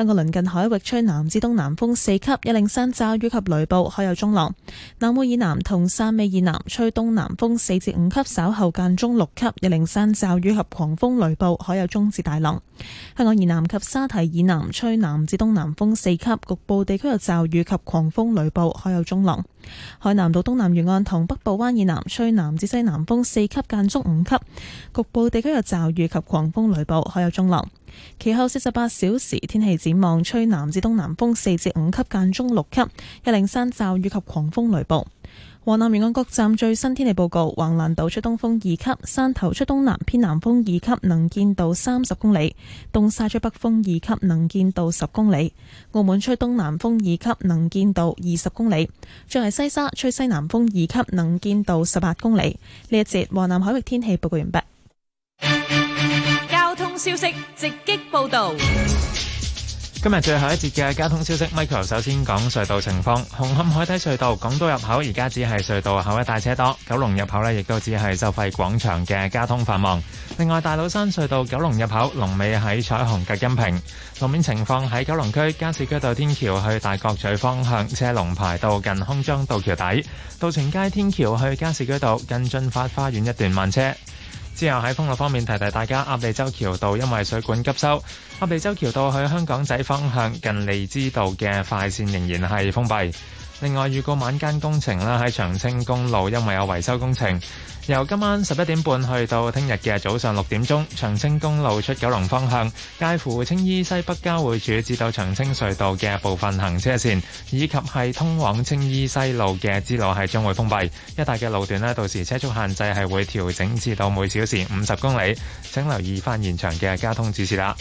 香港鄰近海域吹南至東南風四級，有零星驟雨及雷暴，海有中浪。南澳以南同汕尾以南吹東南風四至五級，稍後間中六級，有零星驟雨及狂風雷暴，海有中至大浪。香港以南及沙堤以南吹南至東南風四級，局部地區有驟雨及狂風雷暴，海有中浪。海南島東南沿岸同北部灣以南吹南至西南風四級，間中五級，局部地區有驟雨及狂風雷暴，海有中浪。其後四十八小時天氣展望：吹南至東南風四至五級，間中六級，一零三驟雨及狂風雷暴。華南沿岸各站最新天氣報告：橫瀾島吹東風二級，汕頭吹東南偏南風二級，能見度三十公里；東沙吹北風二級，能見度十公里；澳門吹東南風二級，能見度二十公里；再係西沙吹西南風二級，能見度十八公里。呢一節華南海域天氣報告完畢。消息直擊報道，今日最後一節嘅交通消息，Michael 首先講隧道情況。紅磡海底隧道港島入口而家只係隧道口一帶車多，九龍入口呢亦都只係收費廣場嘅交通繁忙。另外，大老山隧道九龍入口龍尾喺彩虹隔音屏，路面情況喺九龍區加士居道天橋去大角咀方向車龍排到近空中道橋底，渡船街天橋去加士居道近駿發花園一段慢車。之後喺封路方面提提大家，鴨脷洲橋道因為水管急修，鴨脷洲橋道去香港仔方向近利枝道嘅快線仍然係封閉。另外預告晚間工程啦，喺長青公路因為有維修工程。由今晚十一點半去到聽日嘅早上六點鐘，長青公路出九龍方向介乎青衣西北交匯處至到長青隧道嘅部分行車線，以及係通往青衣西路嘅支路係將會封閉。一帶嘅路段咧，到時車速限制係會調整至到每小時五十公里，請留意翻現場嘅交通指示啦。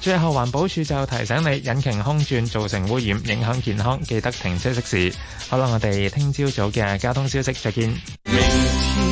最後，環保署就提醒你引擎空轉造成污染，影響健康，記得停車熄匙。好啦，我哋聽朝早嘅交通消息再見。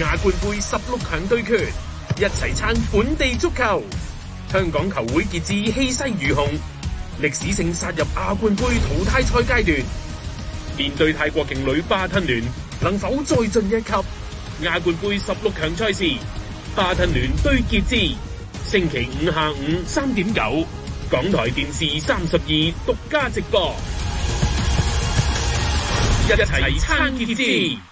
亞冠盃十六強對決，一齊撐本地足球。香港球會傑志氣勢如虹，歷史性殺入亞冠盃淘汰賽階段。面對泰國勁旅巴吞聯，能否再進一級？亞冠盃十六強賽事，巴吞聯對傑志，星期五下午三點九，港台電視三十二獨家直播，一齊撐傑志。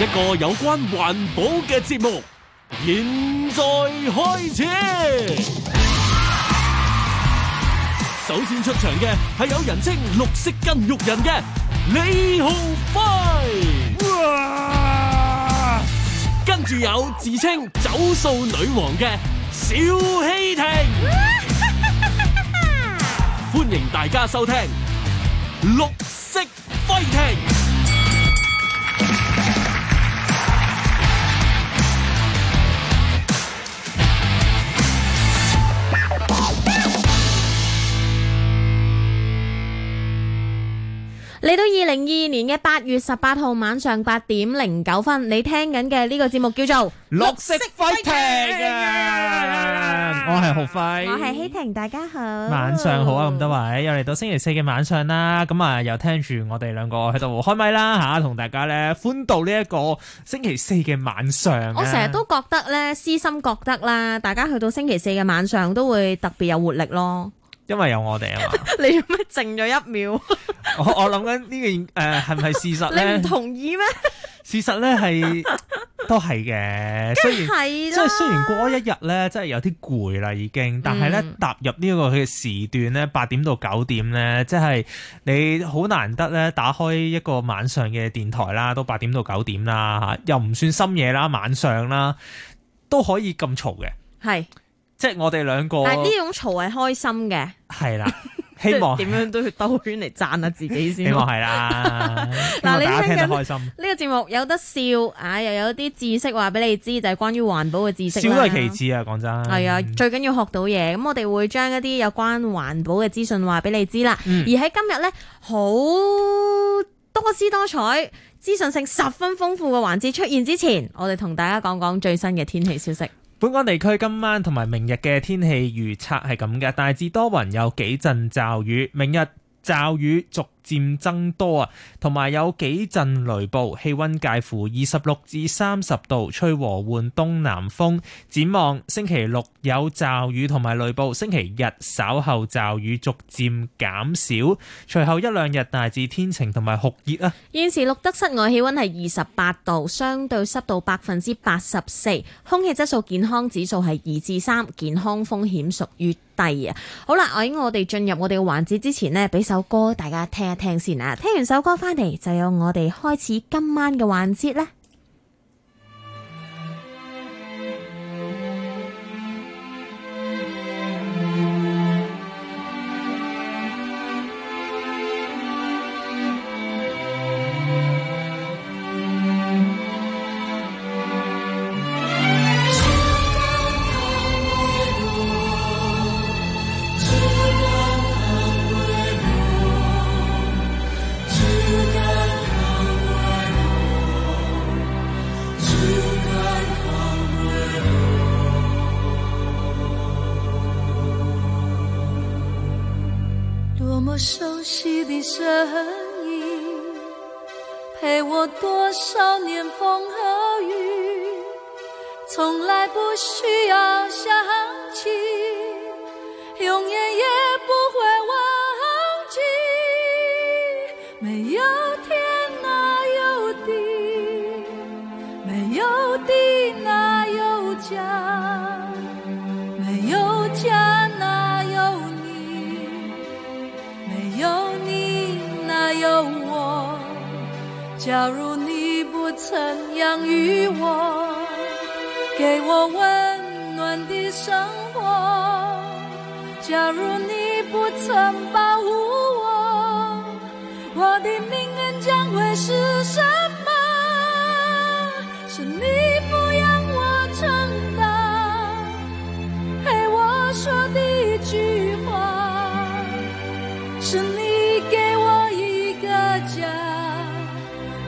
一個有關環保嘅節目，現在開始。首先出場嘅係有人稱綠色筋肉人嘅李浩輝，跟住有自稱走數女王嘅小希婷。歡迎大家收聽綠色輝婷。嚟到二零二二年嘅八月十八號晚上八點零九分，你聽緊嘅呢個節目叫做《綠色飛艇》啊，來來來來，我係浩輝，我係希婷，大家好。晚上好啊，咁多位，又嚟到星期四嘅晚上啦。咁啊，又聽住我哋兩個喺度開咪啦吓，同大家咧歡度呢一個星期四嘅晚上。我成日都覺得咧，私心覺得啦，大家去到星期四嘅晚上都會特別有活力咯。因為有我哋啊嘛， 你咩靜咗一秒。 我我諗緊呢件誒係咪事實咧？ 你唔同意咩？ 事實咧係都係嘅，雖然即係雖然過一日咧，真係有啲攰啦已經，但係咧踏入呢個佢嘅時段咧，八點到九點咧，即係你好難得咧打開一個晚上嘅電台啦，都八點到九點啦吓，又唔算深夜啦，晚上啦，都可以咁嘈嘅係。即係我哋兩個，但係呢種嘈係開心嘅。係啦，希望點 樣都要兜圈嚟讚下自己先。希望係啦，嗱，你聽得開心。呢個節目有得笑，啊，又有啲知識話俾你知，就係、是、關於環保嘅知識啦。笑係其次啊，講真。係啊，最緊要學到嘢。咁我哋會將一啲有關環保嘅資訊話俾你知啦。嗯、而喺今日咧，好多姿多彩、資訊性十分豐富嘅環節出現之前，我哋同大家講講最新嘅天氣消息。本港地區今晚同埋明日嘅天氣預測係咁嘅，大致多雲，有幾陣驟雨。明日驟雨續漸增多啊，同埋有幾陣雷暴，氣温介乎二十六至三十度，吹和緩東南風。展望星期六有驟雨同埋雷暴，星期日稍後驟雨逐漸減少，隨後一兩日大致天晴同埋酷熱啊。現時錄得室外氣溫係二十八度，相對濕度百分之八十四，空氣質素健康指數係二至三，健康風險屬於低啊。好啦，喺我哋進入我哋嘅環節之前呢，俾首歌大家聽。聽先啦，聽完首歌翻嚟，就由我哋開始今晚嘅環節啦。少年風和雨，從來不需要想起，永遠也不會忘記。沒有天哪有地，沒有地哪有家，沒有家哪有你，沒有你哪有我。假如你你不曾養育我，給我温暖的生活。假如你不曾保護我，我的命運將會是什麼？是你撫養我長大，陪我說第一句話，是你。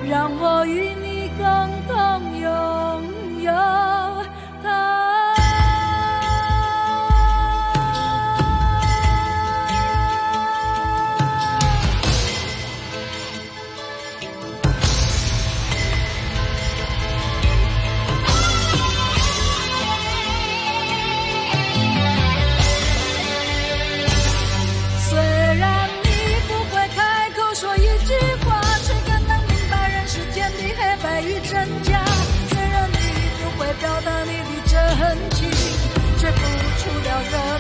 讓我與你共同擁有。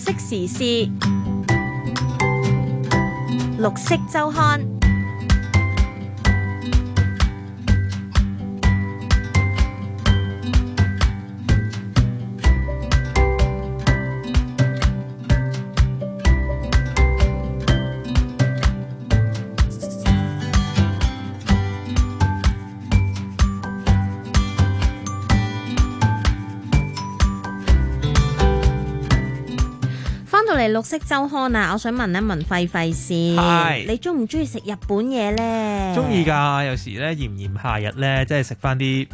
綠色時事，綠色周刊。綠色周刊啊！我想問一問費費事，是你中唔中意食日本嘢咧？中意噶，有時咧炎炎夏日咧，即係食翻啲。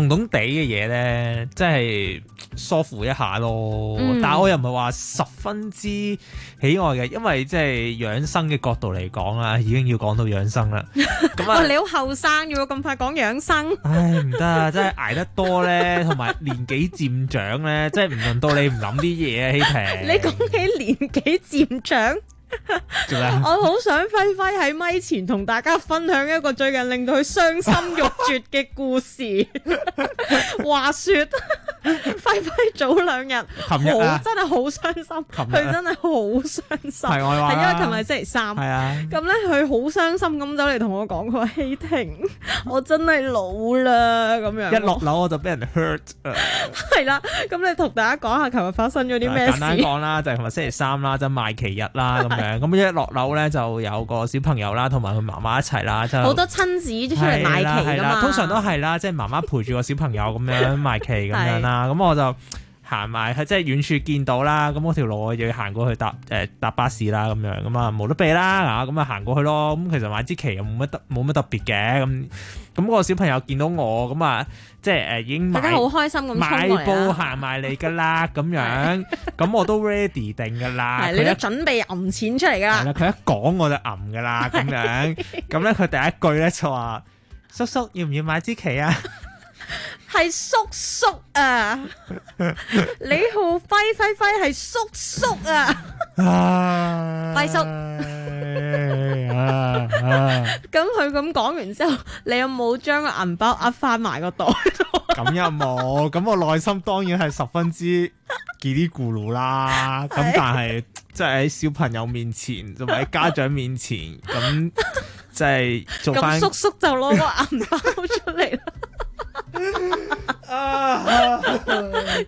懵懵地嘅嘢咧，即係疏乎一下咯。嗯、但係我又唔係話十分之喜愛嘅，因為即係養生嘅角度嚟講啊，已經要講到養生啦。啊、 哦，你好後生，要咁快講養生？唉，唔得 啊！真係捱得多咧，同埋年紀漸長咧，即係唔論到你唔諗啲嘢啊，希平。你講起年紀漸長。 我好想輝輝喺咪前同大家分享一個最近令到佢傷心欲絕嘅故事。 話說，輝輝早兩日，琴日、啊、真係好傷心，佢、啊、真係好傷心。係、啊、因為琴日星期三。係啊，咁咧佢好傷心咁走嚟同我講，佢話婷，我真係老啦咁樣。一落樓我就俾人 hurt、uh, 係啦，咁你同大家講下琴日發生咗啲咩事？簡單講啦，就係琴日星期三啦，就係、是、賣旗日啦 咁 一落樓咧，就有個小朋友啦，同埋佢媽媽一齊啦，就好多親子出嚟買旗，噶、啊啊、通常都係啦，即係 媽媽陪住個小朋友咁樣賣旗，咁 樣啦。咁 我就。行埋去，即係遠處見到啦。咁我條路就要行過去搭誒搭巴士啦，咁樣咁啊，冇得避啦。嗱，咁啊行過去咯。咁其實買支旗又冇乜冇乜特別嘅。咁咁嗰個小朋友見到我，咁啊即係誒、呃、已經買好開心咁衝嚟，買布行埋你噶啦。咁樣咁 我都 ready 定噶啦。你都準備揞 一錢出嚟噶啦。佢一講我就揞噶啦。咁樣咁咧，佢 第一句咧就話：叔叔要唔要買支旗啊？ 係叔叔啊， 李浩輝輝輝係叔叔啊，輝叔啊！咁佢咁講完之後，你有冇將個銀包壓翻埋個袋？咁又冇，咁我內心當然係十分之嘰哩咕嚕啦。咁 但係即係喺小朋友面前同埋喺家長面前，咁即係做翻。叔叔就攞個銀包出嚟。 而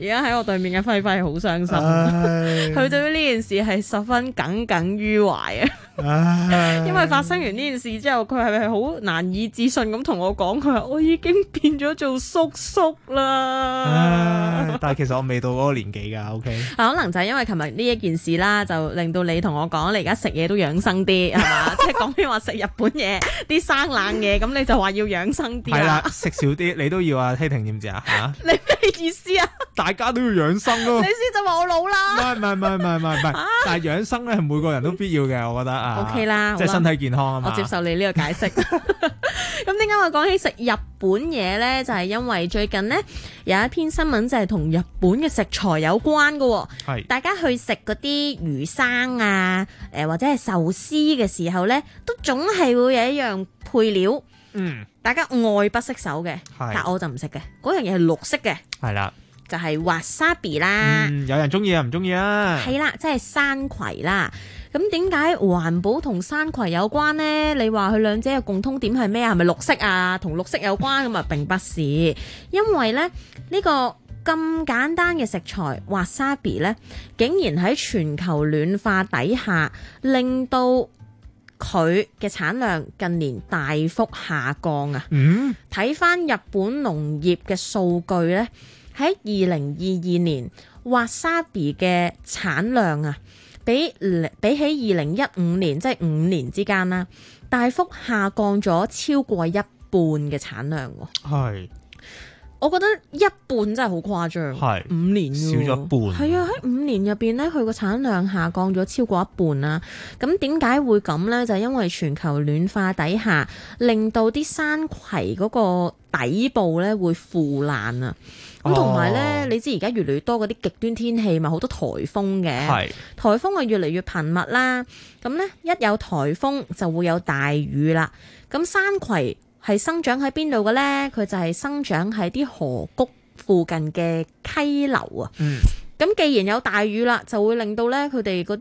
家喺我對面嘅輝輝好傷心，佢唉 對呢件事係十分耿耿於懷啊！因為發生完呢件事之後，佢係咪好難以置信咁同我講？佢話我已經變咗做叔叔啦 但係其實我未到嗰個年紀噶，OK？ 可能就係因為琴日呢一件事啦，就令到你同我講，你而家食嘢都養生啲，係嘛？即係講起話食日本嘢，啲生冷嘢，咁你就話要養生啲啦，食 少啲，你都。都要啊，聽點止啊，吓、啊！你咩意思啊？大家都要養生咯、啊。你意思就話我老啦？唔係唔係唔係唔係唔係，啊、但係養生咧，係每個人都必要嘅，我覺得啊。O K 啦，即係身體健康啊嘛。吧 right? 我接受你呢個解釋。咁點解我講起食日本嘢咧？就係、是、因為最近呢，有一篇新聞就係同日本嘅食材有關噶。係是大家去食嗰啲魚生啊，誒或者係壽司嘅時候咧，都總係會有一,一樣配料，嗯。大家愛不釋手嘅，的但我就唔識嘅。嗰樣嘢係綠色嘅，係的啦，就係滑沙皮啦。有人中意啊，唔中意啦。係啦，即係山葵啦。咁點解環保同山葵有關呢？你話佢兩者嘅共通點係咩啊？係咪綠色啊？同綠色有關咁啊， 並不是。因為呢，呢、這個咁簡單嘅食材滑沙皮呢，竟然喺全球暖化底下令到，佢嘅產量近年大幅下降啊！睇翻、嗯、日本農業嘅數據呢，喺二零二二年滑沙 s 嘅產量啊，比比起二零一五年即係五年之間啦，大幅下降咗超過一半嘅產量喎。係。我覺得一半真係好誇張，是五年少咗一半，係啊！喺五年入邊咧，佢個產量下降咗超過一半啦。咁點解會咁呢？就係、因為全球暖化底下，令到啲山葵嗰個底部咧會腐爛啊！咁同埋呢，哦、你知而家越嚟越多嗰啲極端天氣，咪好多颱風嘅，是颱風係越嚟越頻密啦。咁呢，一有颱風就會有大雨啦。咁山葵係生長喺邊度嘅呢？佢就係生長喺啲河谷附近嘅溪流啊！咁、嗯、既然有大雨啦，就會令到呢佢哋嗰啲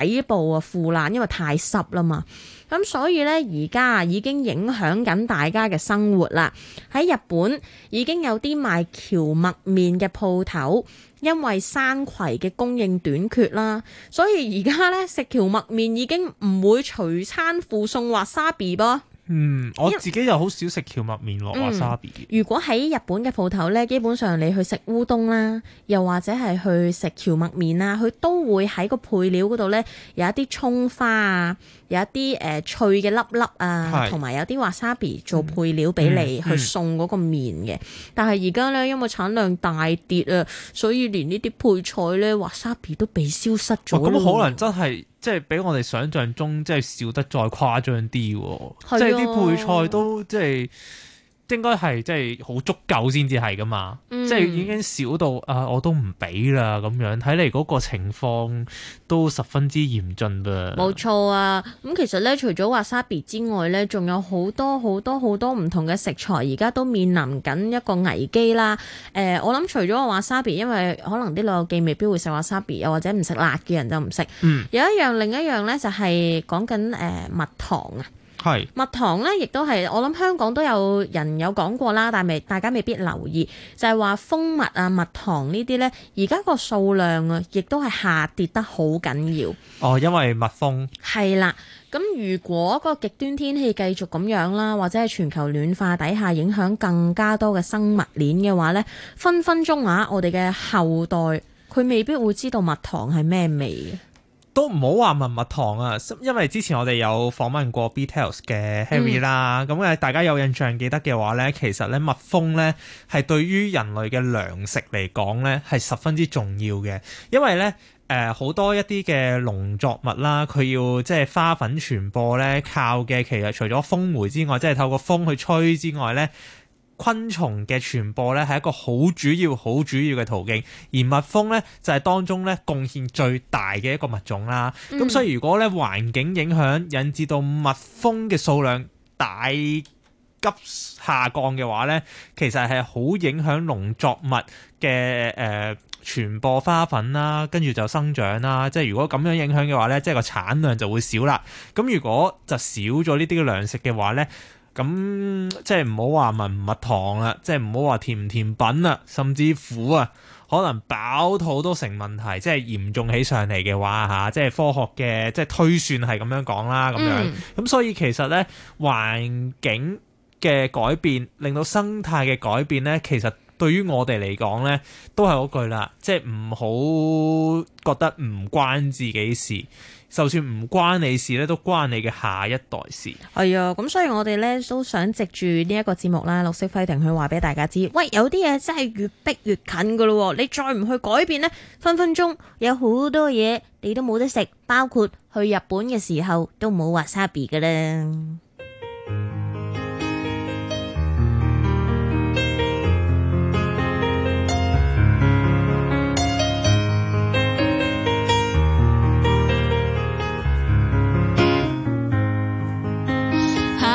底部啊腐爛，因為太濕啦嘛。咁所以呢，而家已經影響緊大家嘅生活啦。喺日本已經有啲賣蕎麥麵嘅鋪頭，因為山葵嘅供應短缺啦，所以而家呢，食蕎麥麵已經唔會隨餐附送 wasabi 噃。嗯，我自己又好少食蕎麥麵落 wasabi，嗯、如果喺日本嘅鋪頭呢，基本上你去食烏冬啦，又或者係去食蕎麥麵啊，佢都會喺個配料嗰度呢，有一啲蔥花啊。有一啲誒、呃、脆嘅粒粒啊，同埋是有啲 wasabi 做配料俾你、嗯、去送嗰個麵嘅。嗯嗯、但係而家咧因為產量大跌啊，所以連呢啲配菜咧 wasabi 都被消失咗。咁、哦、可能真係即係比我哋想象中即係少得再誇張啲，啊、即係啲配菜都即係。應該係即係好足夠先至係噶嘛，嗯、即係已經少到啊我都唔俾啦咁樣，睇嚟嗰個情況都十分之嚴峻噃。冇錯啊，咁其實咧除咗瓦沙別之外咧，仲有好多好多好多唔同嘅食材而家都面臨緊一個危機啦。誒、呃，我諗除咗我瓦沙別，因為可能啲老友記未必會食瓦沙別，又或者唔食辣嘅人就唔食。嗯、有一樣另一樣咧就係、是、講緊誒、呃、蜜糖啊。係蜜糖咧，亦都係我諗香港都有人有講過啦，但係未大家未必留意，就係話蜂蜜啊、蜜糖呢啲呢，而家個數量啊，亦都係下跌得好緊要。哦，因為蜜蜂係啦。咁如果個極端天氣繼續咁樣啦，或者係全球暖化底下影響更加多嘅生物鏈嘅話呢，分分鐘啊，我哋嘅後代佢未必會知道蜜糖係咩味都唔好話蜜蜜糖啊，因為之前我哋有訪問過 Beetales 嘅 Harry 啦、嗯，咁啊大家有印象記得嘅話咧，其實咧蜜蜂咧係對於人類嘅糧食嚟講咧係十分之重要嘅，因為咧誒好多一啲嘅農作物啦，佢要即係花粉傳播咧靠嘅，其實除咗蜂媒之外，即係透過風去吹之外咧。昆蟲嘅傳播咧係一個好主要、好主要嘅途徑，而蜜蜂咧就係當中咧貢獻最大嘅一個物種啦。咁所以如果咧環境影響引致到蜜蜂嘅數量大急下降嘅話咧，其實係好影響農作物嘅誒、呃、傳播花粉啦，跟住就生長啦。即係如果咁樣影響嘅話咧，即係個產量就會少啦。咁如果就少咗呢啲糧食嘅話咧。咁即係唔好話蜜唔蜜糖啦，即係唔好話甜唔甜品啊，甚至苦啊，可能飽肚都成問題，即係嚴重起上嚟嘅話吓，即係科學嘅即係推算係咁樣講啦，咁樣、嗯，咁所以其實咧環境嘅改變，令到生態嘅改變咧，其實對於我哋嚟講咧，都係嗰句啦，即係唔好覺得唔關自己事。就算唔關你事咧，都關你嘅下一代事。係啊，咁所以我哋咧都想藉住呢一個節目啦，綠色規定去話俾大家知。喂，有啲嘢真係越逼越近噶咯，你再唔去改變呢，分分鐘有好多嘢你都冇得食，包括去日本嘅時候都冇 wasabi 噶啦。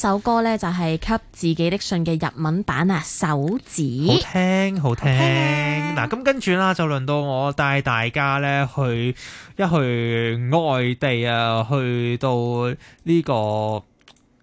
首歌呢就係給自己的信嘅日文版啊，手指好聽好聽。嗱，咁跟住啦，就輪到我帶大家呢去一去外地啊，去到呢個。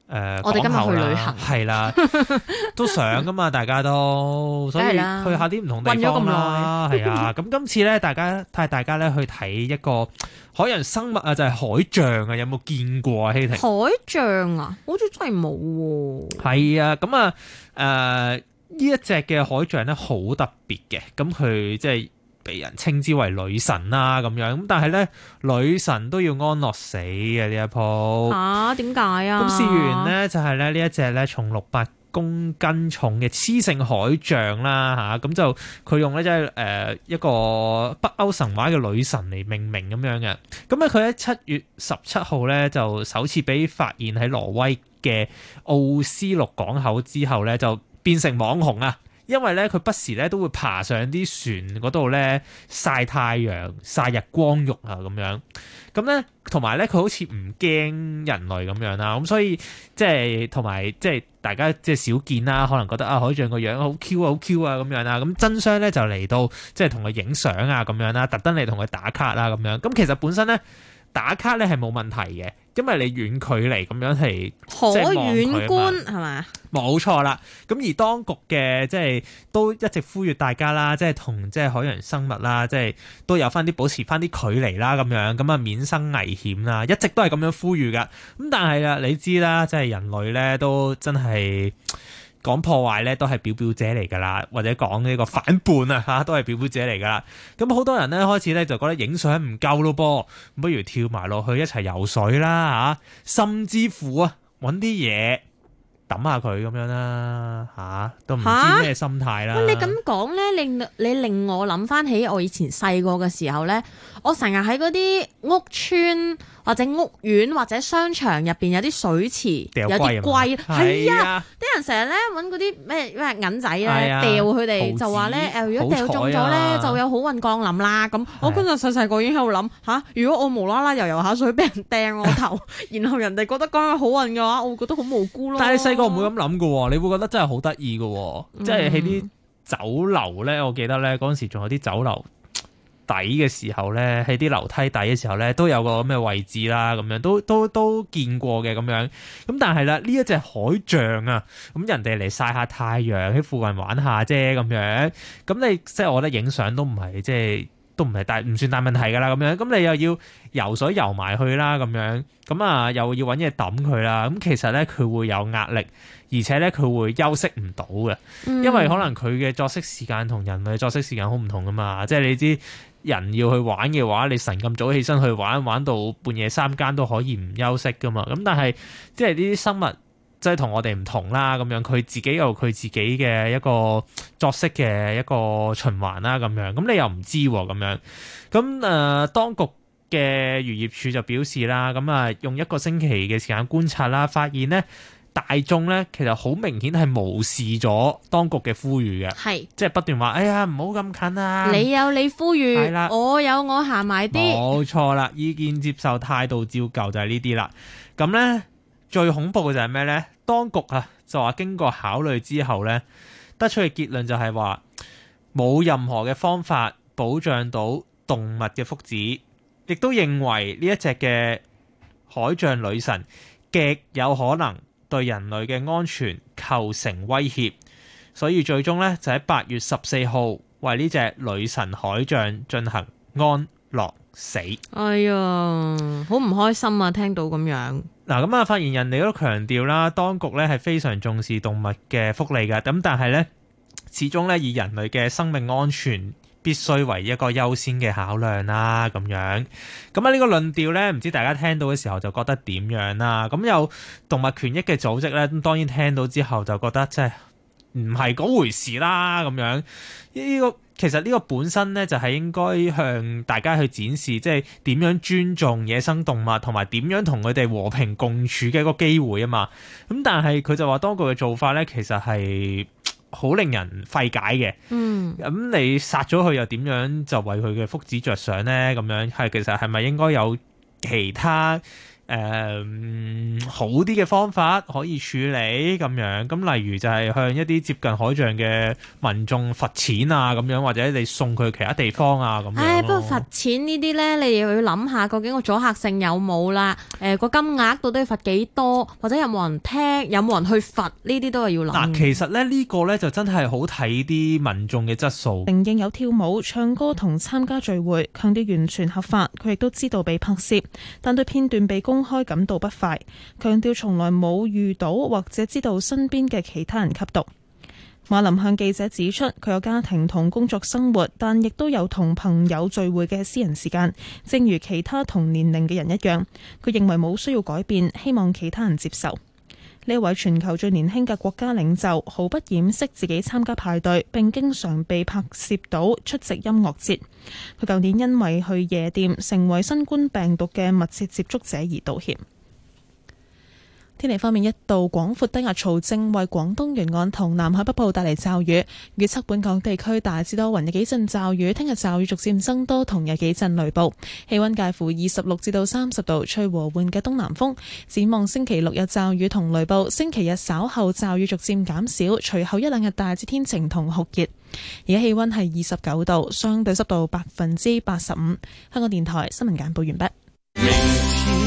誒，呃、我哋今日去旅行係啦， 都想噶嘛，大家都， 了所以去下啲唔同地方啦，係啊。咁 今次咧，大家帶大家咧去睇一個海洋生物啊，就係、是、海象啊，有冇見過啊，希婷？海象啊， 好似真係冇。係啊，咁啊，誒、呢、呃、一隻嘅海象咧好特別嘅，咁佢即係。被人稱之為女神啦咁樣，咁但係咧女神都要安樂死嘅呢一鋪嚇？點解啊？咁試完咧就係咧呢一隻咧，從六百公斤重嘅雌性海象啦嚇，咁就佢用咧即係誒一個北歐神話嘅女神嚟命名咁樣嘅，咁咧佢喺七月十七號咧就首次俾發現喺挪威嘅奧斯陸港口之後咧就變成網紅啦！因為咧，佢不時咧都會爬上啲船嗰度咧曬太陽、曬日光浴啊咁樣。咁、嗯、咧，同埋咧，佢好似唔驚人類咁樣啦。咁、嗯、所以即係同埋即係大家即係少見啦，可能覺得啊，海象個樣好 Q 啊，好 Q 啊咁樣、嗯、啊。咁真相咧就嚟到即係同佢影相啊咁樣啦，特登嚟同佢打卡啦、啊、咁樣。咁、嗯、其實本身咧打卡咧係冇問題嘅。因為你遠距離咁樣係好遠觀係嘛？冇錯啦。咁而當局嘅即係都一直呼籲大家啦，即係同即係海洋生物啦，即係都有翻啲保持翻啲距離啦，咁樣咁啊免生危險啦，一直都係咁樣呼籲噶。咁但係啦，你知啦，即係人類咧都真係。講破壞咧都係表表姐嚟噶啦，或者講呢個反叛啊吓都係表表姐嚟噶啦。咁好多人咧開始咧就覺得影相唔夠咯噃，不如跳埋落去一齊游水啦吓，甚至乎啊揾啲嘢抌下佢咁樣啦吓，都唔知咩心態啦、啊。喂，你咁講咧令你令我諗翻起我以前細個嘅時候咧，我成日喺嗰啲屋村。或者屋苑或者商場入邊有啲水池，丟龜 有啲龜，係啊！啲、啊、人成日咧搵嗰啲咩咩銀仔咧掉佢哋，啊、就話咧誒，子如果掉中咗咧，就有好運降臨啦。咁、嗯、我嗰陣細細個已經喺度諗吓，如果我無啦啦游游下水，俾人掟我頭，啊、然後人哋覺得嗰樣係好運嘅話，我會覺得好無辜咯。但係細個唔會咁諗噶，你會覺得真係好得意噶，即係喺啲酒樓咧，我記得咧嗰陣時仲有啲酒樓。底嘅時候咧，喺啲樓梯底嘅時候咧，都有個咩位置啦，咁樣都都都見過嘅咁樣。咁但係啦，呢一隻海象啊，咁人哋嚟曬下太陽喺附近玩下啫，咁樣。咁你即係我覺得影相都唔係，即係都唔係大，唔算大問題㗎啦，咁樣。咁你又要游水游埋去啦，咁樣。咁啊又要揾嘢揼佢啦。咁其實咧佢會有壓力，而且咧佢會休息唔到嘅，因為可能佢嘅作息時間同人類作息時間好唔同㗎嘛。即係你知。人要去玩嘅話，你晨咁早起身去玩，玩到半夜三更都可以唔休息噶嘛。咁但係即係呢啲生物即係同我哋唔同啦，咁樣佢自己有佢自己嘅一個作息嘅一個循環啦，咁樣咁你又唔知喎、啊，咁樣咁誒、呃，當局嘅漁業署就表示啦，咁啊用一個星期嘅時間觀察啦，發現咧。大眾咧，其實好明顯係無視咗當局嘅呼籲嘅，係是即係不斷話：哎呀，唔好咁近啊！你有你呼籲，的我有我行埋啲，冇錯啦。意見接受態度照舊就係呢啲啦。咁、嗯、咧最恐怖嘅就係咩呢？當局啊，就話經過考慮之後咧，得出嘅結論就係話冇任何嘅方法保障到動物嘅福祉，亦都認為呢一隻嘅海象女神極有可能。對人類嘅安全構成威脅，所以最終咧就喺八月十四號為呢隻女神海象進行安樂死。哎呀，好唔開心啊！聽到咁樣，嗱咁啊，發言人哋都強調啦，當局咧係非常重視動物嘅福利噶，咁但係咧始終咧以人類嘅生命安全，必須為一個優先嘅考量啦，咁樣咁啊，呢個論調咧，唔知大家聽到嘅時候就覺得點樣啦？咁有動物權益嘅組織咧，當然聽到之後就覺得即係唔係嗰回事啦，咁樣呢個其實呢個本身咧就係應該向大家去展示，即係點樣尊重野生動物同埋點樣同佢哋和平共處嘅一個機會啊嘛。咁但係佢就話，當局嘅做法咧，其實係好令人費解嘅，咁、嗯嗯、你殺咗佢又點樣就為佢嘅福祉着想呢？咁樣係其實係咪應該有其他？誒、um, 好啲嘅方法可以處理咁樣，咁例如就係向一啲接近海象嘅民眾罰錢啊，咁樣或者你送佢去其他地方啊，咁。誒、哎，不過罰錢呢啲呢，你又要諗下究竟個阻嚇性有冇啦？誒、呃，個金額到底要罰幾多，或者有冇人聽，有冇人去罰呢啲都係要諗。嗱、啊，其實咧呢、呢個呢，就真係好睇啲民眾嘅質素。承認有跳舞、唱歌同參加聚會，強調完全合法，佢亦都知道被拍攝，但對片段被公公開感到不快，強調從來冇遇到或者知道身邊嘅其他人吸毒。馬林向記者指出，佢有家庭同工作生活，但亦都有同朋友聚會嘅私人時間，正如其他同年齡嘅人一樣。佢認為冇需要改變，希望其他人接受。呢位全球最年輕嘅國家領袖毫不掩飾自己參加派對，並經常被拍攝到出席音樂節。佢舊年因為去夜店成為新冠病毒嘅密切接觸者而道歉。天氣方面，一道廣闊低壓槽正為廣東沿岸同南海北部帶嚟驟雨。預測本港地區大致多雲，有幾陣驟雨。聽日驟雨逐漸增多，同有幾陣雷暴。氣温介乎二十六至到三十度，吹和緩嘅東南風。展望星期六有驟雨同雷暴，星期日稍後驟雨逐漸減少，隨後一兩日大致天晴同酷熱。而家氣温係二十九度，相對濕度百分之八十五。香港電台新聞簡報完畢。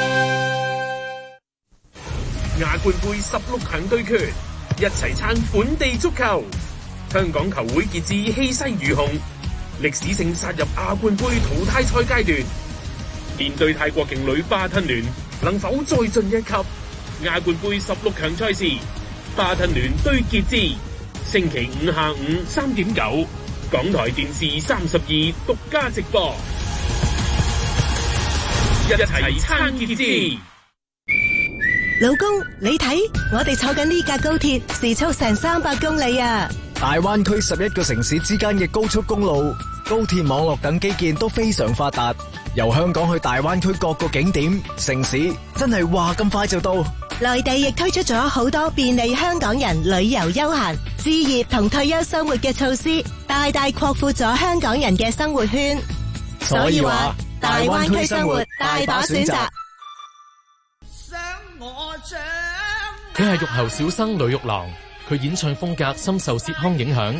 亞冠盃十六強對決，一齊撐本地足球。香港球會傑志氣勢如虹，歷史性殺入亞冠盃淘汰賽階段。面對泰國勁旅，巴吞聯，能否再進一級？亞冠盃十六強賽事，巴吞聯對傑志，星期五下午三點九，9，港台電視三十二獨家直播，一齊撐傑志。老公，你睇，我哋坐緊呢架高鐵，時速成三百公里啊！大灣區十一個城市之間嘅高速公路、高鐵網絡等基建都非常發達，由香港去大灣區各個景點、城市，真係話咁快就到。內地亦推出咗好多便利香港人旅遊、休閒、置業同退休生活嘅措施，大大擴闊咗香港人嘅生活圈。所以話，大灣區生活大把選擇。佢係玉喉小生呂玉郎，佢演唱風格深受薛腔影響，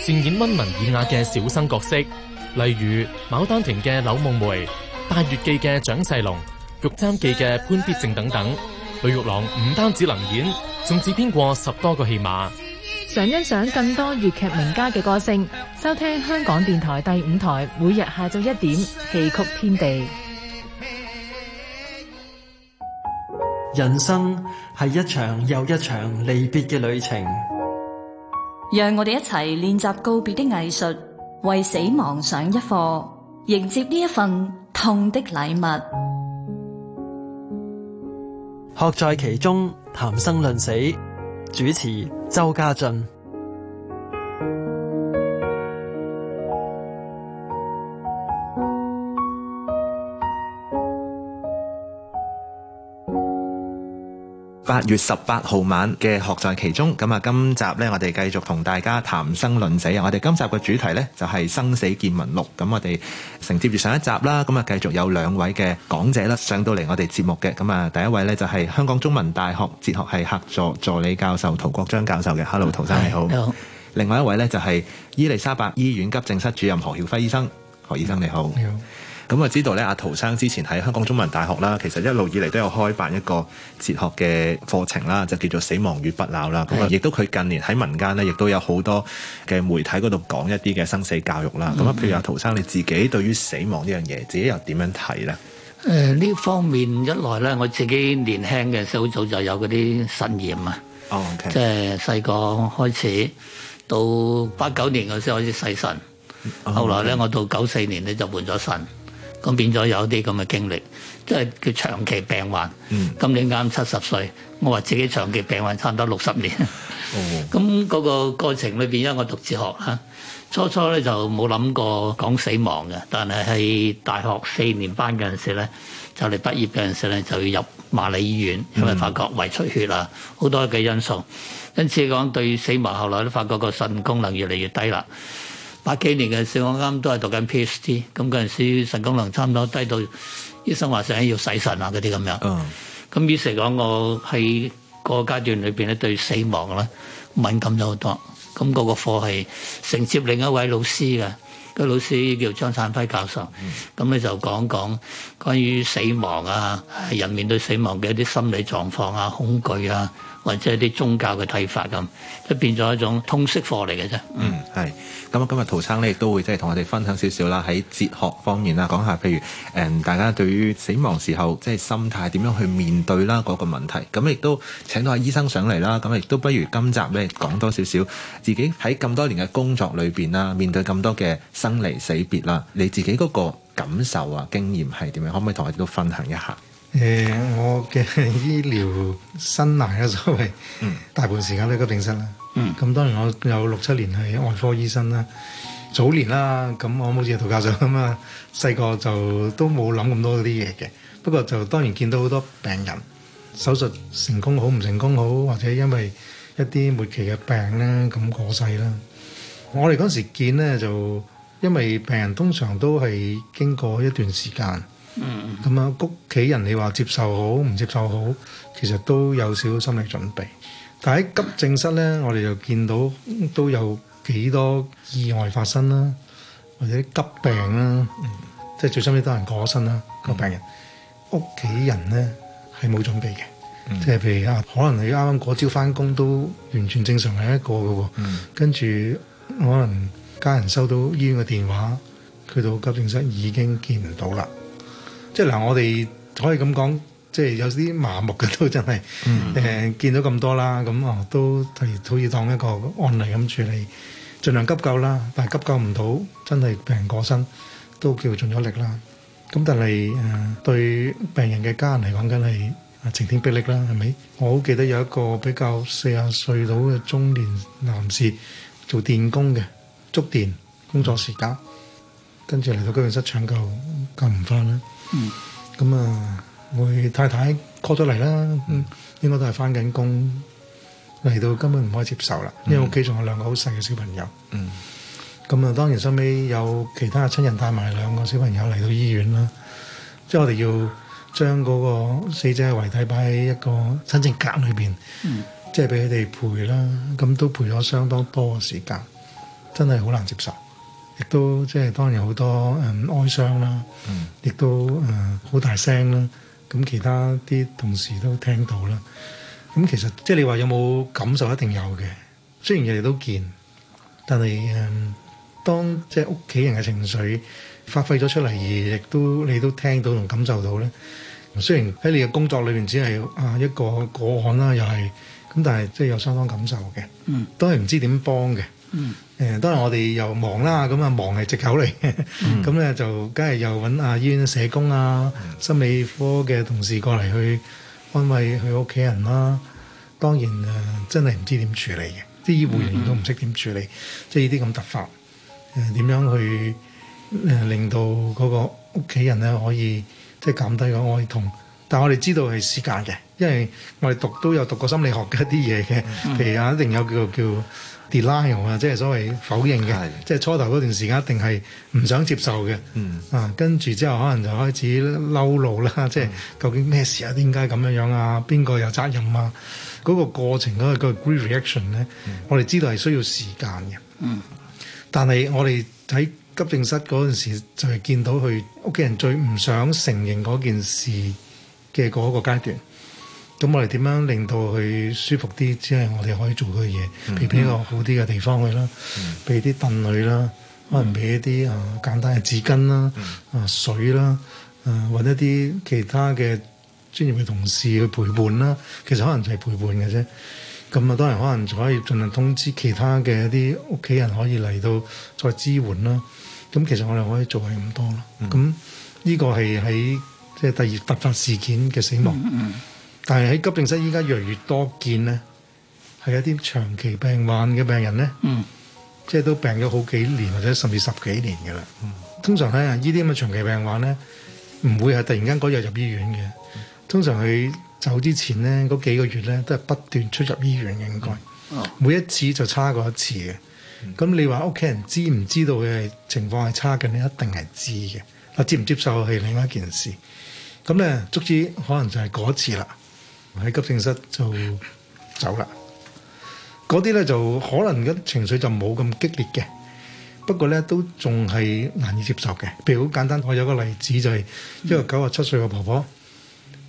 擅演温文爾雅嘅小生角色，例如《牡丹亭》嘅柳夢梅、《拜月記》嘅蔣世龍、《玉簪記》嘅潘必正等等。呂玉郎唔單止能演，仲自編過十多個戲碼。想欣賞更多粵劇名家嘅歌聲，收聽香港電台第五台，每日下晝一點《戲曲天地》。人生係一場又一場離別嘅旅程，讓我哋一齊練習告別的藝術，為死亡上一課，迎接呢一份痛的禮物。學在其中，談生論死，主持周家俊。八月十八號晚嘅學在其中，咁啊今集呢，我哋繼續同大家談生論死啊！我哋今集嘅主題呢、就是，就係生死見聞錄，咁我哋承接住上一集啦，咁啊繼續有兩位嘅講者啦上到嚟我哋節目嘅，咁啊第一位呢，就係香港中文大學哲學係客座助理教授陶國璋教授嘅，Hello 陶生你好，好。Hi. 另外一位呢，就係伊利沙伯醫院急症室主任何曉輝醫生，何醫生你好，你好。咁啊，知道咧阿陶生之前喺香港中文大學啦，其實一路以嚟都有開辦一個哲學嘅課程啦，就叫做死亡與不朽啦。咁啊，亦是都佢近年喺民間咧，亦都有好多嘅媒體嗰度講一啲嘅生死教育啦。咁啊、嗯，譬如阿陶生你自己對於死亡呢樣嘢，自己又點樣睇咧？誒、呃，呢方面一來咧，我自己年輕嘅時候早就有嗰啲腎炎啊，oh, okay. 即係細個開始到八九年我先開始洗腎，後來咧、oh, okay. 我到九四年咧就換咗腎。咁變咗有啲咁嘅經歷，即係叫長期病患。嗯、今年啱七十歲，我話自己長期病患差唔多六十年。咁嗰、嗯、 個過程裏邊，因為我讀哲學啦，初初咧就冇諗過講死亡嘅。但係喺大學四年班嗰陣時咧，就嚟畢業嗰陣時咧，就要入瑪麗醫院，因為發覺胃出血啊，好多嘅因素。因此講對死亡，後來都發覺個腎功能越嚟越低啦。八幾年嘅時，我啱都係讀緊 PhD，咁嗰陣時腎功能差唔多低到，醫生話想要洗腎啊嗰啲咁樣。咁、uh huh. 於是講我喺個階段裏邊咧對死亡咧敏感咗好多。咁、那、嗰個課係承接另一位老師嘅，個老師叫張燦輝教授。咁咧就講講關於死亡啊，人面對死亡嘅一啲心理狀況啊、恐懼啊。或者係啲宗教嘅睇法咁，都變咗一種通識課嚟嘅啫。嗯，係。咁啊，今日陶生咧亦都會即係同我哋分享少少啦，喺哲學方面啦，講下譬如誒，大家對於死亡時候即係心態點樣去面對啦嗰個問題。咁亦都請到阿醫生上嚟啦。咁亦都不如今集咧講多少少自己喺咁多年嘅工作裏邊啦，面對咁多嘅生離死別啦，你自己嗰個感受啊、經驗係點樣？可唔可以同我哋都分享一下？誒、呃，我嘅醫療生涯嘅所謂，大半時間都喺急症室啦。咁、嗯、當然我有六七年係外科醫生啦，早年啦，咁我好似陶教授咁啊，細個就都冇諗咁多啲嘢嘅。不過就當然見到好多病人，手術成功好唔成功好，或者因為一啲末期嘅病咧，咁過世啦。我哋嗰時見呢，就因為病人通常都係經過一段時間。嗯，咁啊，屋企人你話接受好唔接受好，其實都有少少心理準備。但喺急症室咧，我哋就見到都有幾多意外發生啦，或者急病啦，即係最深啲多人過身啦，個病人屋企人咧係冇準備嘅，即係譬如啊，可能你啱啱嗰朝返工都完全正常係一個㗎喎，跟住可能家人收到醫院嘅電話，去到急症室已經見唔到啦。即係嗱，我哋可以咁講，即係有啲麻木嘅都真係誒見到咁多啦。咁啊，都係好似當一個案例咁處理，儘量急救啦。但係急救唔到，真係病人過身，都叫盡咗力啦。咁但係誒對病人嘅家人嚟講，梗係晴天霹靂啦，係咪？我好記得有一個比較四十歲到嘅中年男士做電工嘅，觸電工作時間，跟住嚟到急症室搶救救唔翻啦。嗯，咁啊，我太太 call 咗嚟啦，嗯、應該都係翻緊工嚟到，根本唔可以接受啦，嗯、因為屋企仲有兩個好細嘅小朋友。嗯，咁啊，當然收尾有其他親人帶埋兩個小朋友嚟到醫院啦，即係我哋要將嗰個死者嘅遺體擺喺一個親情隔裏邊，嗯、即係俾佢哋陪啦，咁都陪咗相當多嘅時間，真係好難接受。亦都即係當然好多誒哀傷啦，亦都誒好大聲啦，咁其他啲同事都聽到啦。咁其實即係你話有冇感受一定有嘅，雖然人哋都見，但係誒當即係屋企人嘅情緒發揮咗出嚟，而亦都你都聽到同感受到咧。雖然喺你嘅工作裏面只係啊一個個案啦，又係咁，但係即係有相當感受嘅，嗯，都係唔知點幫嘅，嗯。誒，當然我哋又忙啦，咁啊忙係藉口嚟嘅，咁咧就梗係又揾阿醫院社工啊、嗯、心理科嘅同事過嚟去安慰佢屋企人啦。當然誒、呃，真係唔知點處理嘅，啲醫護人員都唔識點處理，處理嗯、即係呢啲咁突發，誒、呃、點樣去誒、呃、令到嗰個屋企人咧可以即係減低個哀痛，但係我哋知道係時間嘅，因為我哋讀都有讀過心理學嘅一啲嘢嘅，譬如啊一定有叫叫。d e l i n 啊，ine, 即係所謂否認嘅，的即係初頭嗰段時間一定係唔想接受嘅，嗯、啊跟住之後可能就開始嬲怒啦，嗯、即係究竟咩事啊？點解咁樣樣啊？邊個有責任啊？嗰、那個過程嗰、那個個 reaction 咧，嗯、我哋知道係需要時間嘅。嗯，但係我哋喺急症室嗰陣時就係見到佢屋企人最唔想承認嗰件事嘅嗰個階段。咁我哋點樣令到佢舒服啲？只、就、係、是、我哋可以做嘅嘢，譬俾比較好啲嘅地方去啦，俾啲、mm hmm. 凳佢啦，mm hmm. 可能俾一啲啊、呃、簡單嘅紙巾啦，啊、呃、水啦，啊、呃、揾一啲其他嘅專業嘅同事去陪伴啦。Mm hmm. 其實可能就係陪伴嘅啫。咁啊，當然可能仲可以盡量通知其他嘅一啲屋企人可以嚟到再支援啦。咁其實我哋可以做嘅咁多啦。咁呢、mm hmm. 個係喺即係第二突發事件嘅死亡。Mm hmm. 但係喺急症室，依家越來越多見咧，係一啲長期病患嘅病人咧，嗯、即係都病咗好幾年或者甚至十幾年㗎喇。通常咧，呢啲咁嘅長期病患咧，唔會係突然間嗰日入醫院嘅。通常佢走之前咧，嗰幾個月咧都係不斷出入醫院嘅。應該每一次就差過一次嘅。咁、嗯、你話屋企人知唔知道佢嘅情況係差嘅？你一定係知嘅。啊，接唔接受係另外一件事。咁咧，卒之可能就係嗰次啦。喺急症室就走啦。嗰啲咧就可能嘅情緒就冇咁激烈嘅，不過咧都仲係難以接受嘅。譬如好簡單，我有個例子就係一個九十七歲嘅婆婆，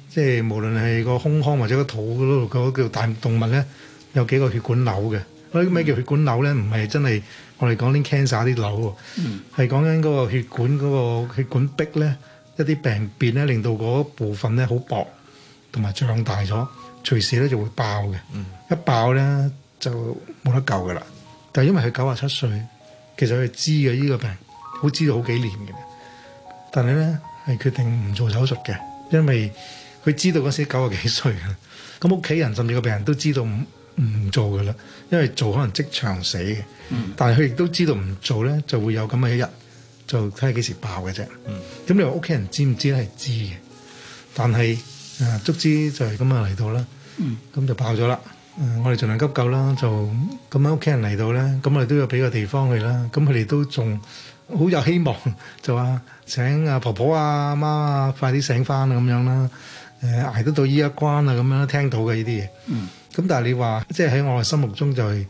即係無論係個胸腔或者個肚嗰度嗰個叫大動脈咧，有幾個血管瘤嘅。嗰啲咩叫血管瘤咧？唔係真係我哋講啲 cancer 啲瘤，係講緊嗰個血管嗰個血管壁咧一啲病變咧，令到嗰部分咧好薄。同埋脹大咗，隨時咧就會爆嘅。嗯、一爆咧就冇得救噶啦。但係因為佢九十七歲，其實佢知嘅呢、呢個病，好知道好幾年嘅。但係咧係決定唔做手術嘅，因為佢知道嗰時九十幾歲嘅。咁屋企人甚至個病人都知道唔唔做噶啦，因為做可能即場死嘅。嗯、但係佢亦都知道唔做咧，就會有咁嘅一日，就睇下幾時爆嘅啫。咁、嗯、你話屋企人知唔知咧？係知嘅，但係。誒足資就係咁啊嚟到啦，咁就爆咗啦。誒，我哋盡量急救啦，就咁樣屋企人嚟到咧，咁我哋都要俾個地方佢啦。咁佢哋都仲好有希望，就話請阿婆婆啊媽啊，快啲醒翻啊咁樣啦。誒捱得到依一關啊咁樣，聽到嘅依啲嘢。咁但係你話，即係喺我嘅心目中就係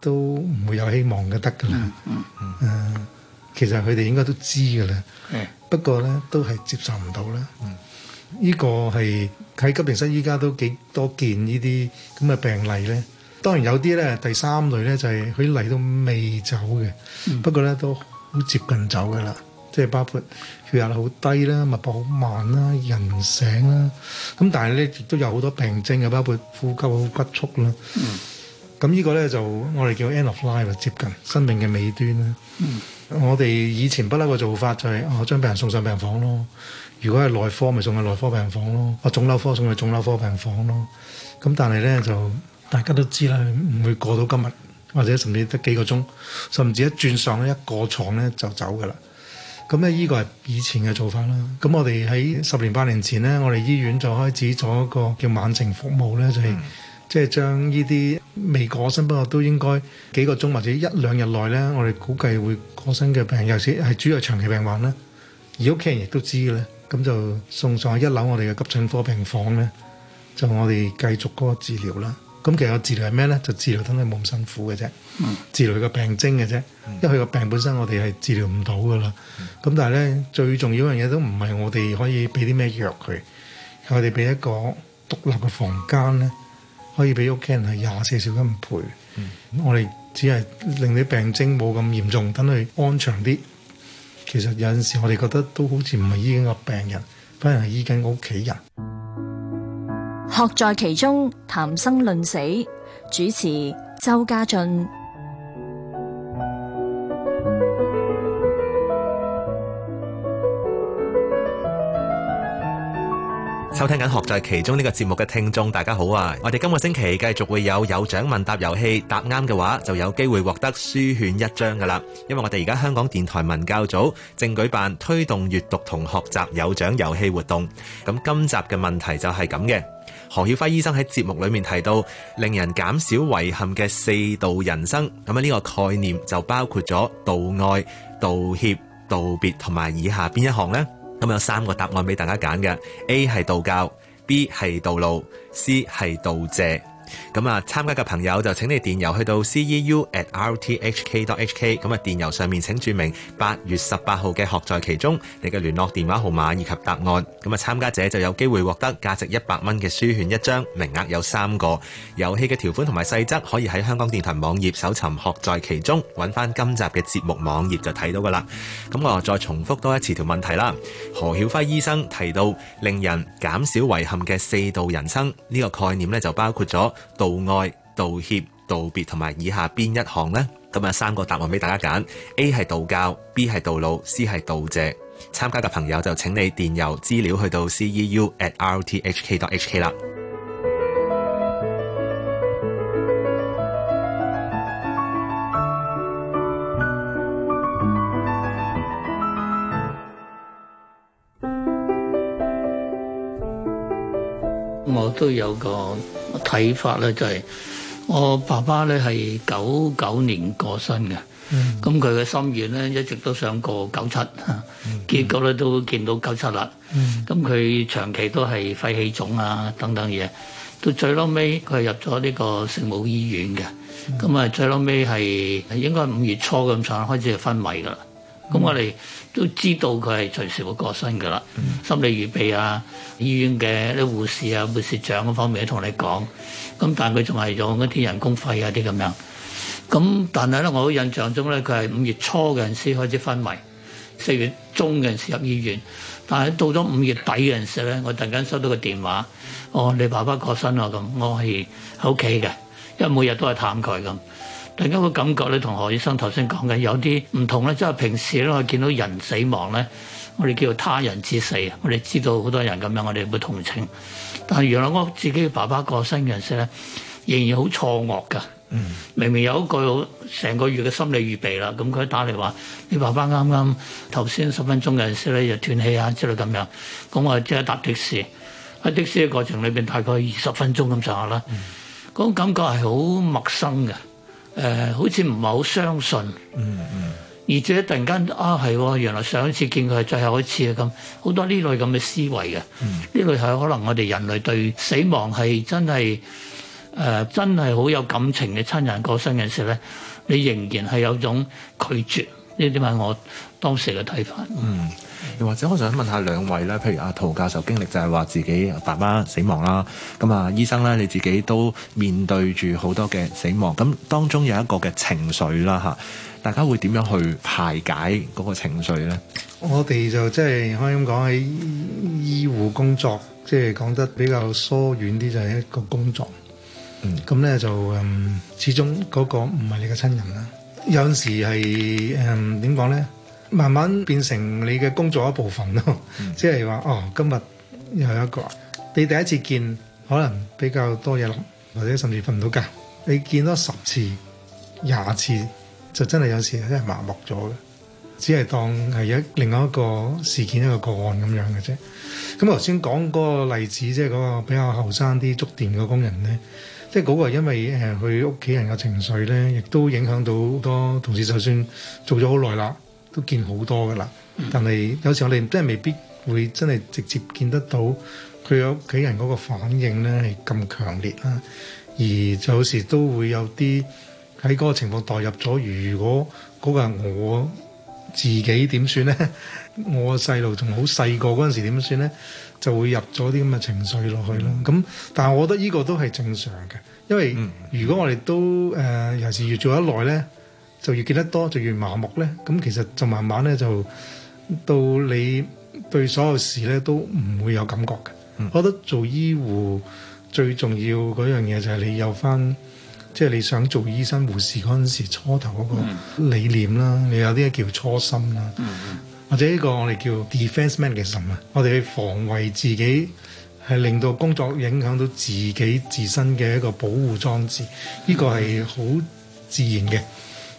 都唔會有希望嘅得㗎啦。誒，其實佢哋應該都知㗎啦。不過咧都係接受唔到啦。呢個係喺急症室，依家都幾多見呢啲咁嘅病例咧。當然有啲咧，第三類咧就係佢嚟到未走嘅，嗯、不過咧都好接近走㗎啦。即係包括血壓好低啦、脈搏好慢啦、人醒啦，咁但係咧亦都有好多病症，嘅，包括呼吸好急促啦。咁、嗯、呢個咧就我哋叫 end of life，接近生命嘅尾端啦。嗯、我哋以前不嬲嘅做法就係我將病人送上病房咯。如果係內科，咪送去內科病房咯，啊，腫瘤科送去腫瘤科病房咯。咁但係咧，就大家都知啦，唔會過到今日，或者甚至得幾個鐘，甚至一轉上咧一個牀咧就走噶啦。咁咧，呢個係以前嘅做法啦。咁我哋喺十年八年前咧，我哋醫院就開始咗一個叫晚程服務咧，就係即係將呢啲未過身不過都應該幾個鐘或者一兩日內咧，我哋估計會過身嘅病人，尤其是係主要長期病患啦，而屋企人亦都知嘅咧。咁就送上去一樓我哋嘅急診科病房咧，就我哋繼續嗰個治療啦。咁其實個治療係咩咧？就治療等佢冇咁辛苦嘅啫，治療佢個病徵嘅啫。因為佢個病本身我哋係治療唔到噶啦。咁但係咧，最重要一樣嘢都唔係我哋可以俾啲咩藥佢，係我哋俾一個獨立嘅房間咧，可以俾屋企人係廿四小時咁陪。我哋只係令啲病徵冇咁嚴重，等佢安詳啲。其實有陣時，我哋覺得都好似唔係醫緊個病人，反而係醫緊個屋企人。學在其中，談生論死，主持周家俊。收聽緊學在其中呢個節目嘅聽眾，大家好啊！我哋今個星期繼續會有有獎問答遊戲，答啱嘅話就有機會獲得書券一張噶啦。因為我哋而家香港電台文教組正舉辦推動閱讀同學習有獎遊戲活動。咁今集嘅問題就係咁嘅。何曉輝醫生喺節目裏面提到，令人減少遺憾嘅四道人生。咁啊，呢個概念就包括咗道愛、道歉、道別同埋以下邊一項呢？咁有三個答案俾大家揀嘅，A 係道教，B 係道路，C 係道謝。咁啊，參加嘅朋友就請你電郵去到 ceu@rthk.hk，咁啊電郵上面請注明八月十八號嘅學在其中，你嘅聯絡電話號碼以及答案。咁啊，參加者就有機會獲得價值一百蚊嘅書券一張，名額有三個。遊戲嘅條款同埋細則可以喺香港電台網頁搜尋學在其中，揾翻今集嘅節目網頁就睇到噶啦。咁我再重複多一次條問題啦。何曉輝醫生提到，令人減少遺憾嘅四度人生呢個概念呢，就包括咗。道愛、道歉、道別同埋以，以下邊一行呢？咁啊，三個答案俾大家揀。A 係道教，B 係道路，C 係道謝。參加嘅朋友就請你電郵資料去到 ceu@rthk.hk at 啦。K. K 我都有講。睇法咧就係、是、我爸爸咧係九九年過身嘅，咁佢嘅心願咧一直都想過九七、嗯，結果咧都見到九七啦。咁佢、嗯嗯、長期都係肺氣腫啊等等嘢，到最屘尾，佢係入咗呢個聖母醫院嘅，咁啊、嗯、最屘尾係應該五月初咁上下開始就昏迷噶啦，咁、嗯、我哋。都知道佢係隨時會過身噶啦，mm. 心理預備啊，醫院嘅啲護士啊、護士長嗰方面都同你講。咁但係佢仲係用嗰啲人工費啊啲咁樣。咁但係咧，我印象中咧，佢係五月初嗰陣時開始昏迷，四月中嗰陣時入醫院。但係到咗五月底嗰陣時咧，我突然間收到個電話，哦，你爸爸過身啦、啊、咁，我係喺屋企嘅，因為每日都係探佢咁。另一個感覺咧，你同何醫生頭先講嘅有啲唔同咧，即係平時咧，我見到人死亡咧，我哋叫他人之死啊。我哋知道好多人咁樣，我哋會同情。但係原來我自己爸爸過身嘅陣時咧，仍然好錯愕嘅。嗯，明明有一個成個月嘅心理預備啦，咁佢打嚟話：你爸爸啱啱頭先十分鐘嘅陣時咧，就斷氣啊之類咁樣。咁我即係搭的士，喺的士嘅過程裏邊大概二十分鐘咁上下啦。嗯，嗰種感覺係好陌生嘅。誒、呃，好似唔係好相信，嗯嗯、mm，hmm. 而且突然間啊，係、啊，原來上一次見佢係最後一次啊，咁好多呢類咁嘅思維嘅，呢、mm hmm. 類係可能我哋人類對死亡係真係誒、呃、真係好有感情嘅親人過身嘅時候呢，你仍然係有種拒絕，呢啲係我當時嘅睇法。嗯、mm。Hmm. 又或者我想問下兩位咧，譬如阿陶教授經歷就係話自己爸爸死亡啦，咁啊醫生咧你自己都面對住好多嘅死亡，咁當中有一個嘅情緒啦嚇，大家會點樣去排解嗰個情緒咧？我哋就即係、就係可以咁講，喺醫護工作，即係講得比較疏遠啲，就係一個工作。嗯，咁咧就嗯，始終嗰個唔係你嘅親人啦，有時係誒點講咧？呃慢慢變成你嘅工作一部分咯，即係話哦。今日又有一個你第一次見，可能比較多嘢諗，或者甚至瞓唔到覺。你見多十次、廿次，就真係有時真係麻木咗嘅，只係當係一另外一個事件，一個個案咁樣嘅啫。咁頭先講嗰個例子，即係嗰個比較後生啲觸電嘅工人咧，即係嗰個因為誒佢屋企人嘅情緒咧，亦都影響到好多同事，就算做咗好耐啦。都見好多噶啦，但係有時候我哋真係未必會真係直接見得到佢有屋企人嗰個反應咧係咁強烈啊，而就有時都會有啲喺嗰個情況代入咗，如果嗰個係我自己點算咧？我細路仲好細個嗰陣時點算咧？就會入咗啲咁嘅情緒落去咯。咁、嗯、但係我覺得呢個都係正常嘅，因為如果我哋都誒、呃、尤其是越做得耐咧。就越見得多，就越麻木咧。咁其實就慢慢咧，就到你對所有事咧都唔會有感覺嘅。嗯、我覺得做醫護最重要樣嘢就係你有翻，即、就、係、是、你想做醫生護士陣時初頭嗰個理念啦，嗯、你有啲嘢叫初心啦，嗯、或者呢個我哋叫 defense mechanism 啊，我哋去防衛自己，係令到工作影響到自己自身嘅一個保護裝置，呢、呢個係好自然嘅。嗯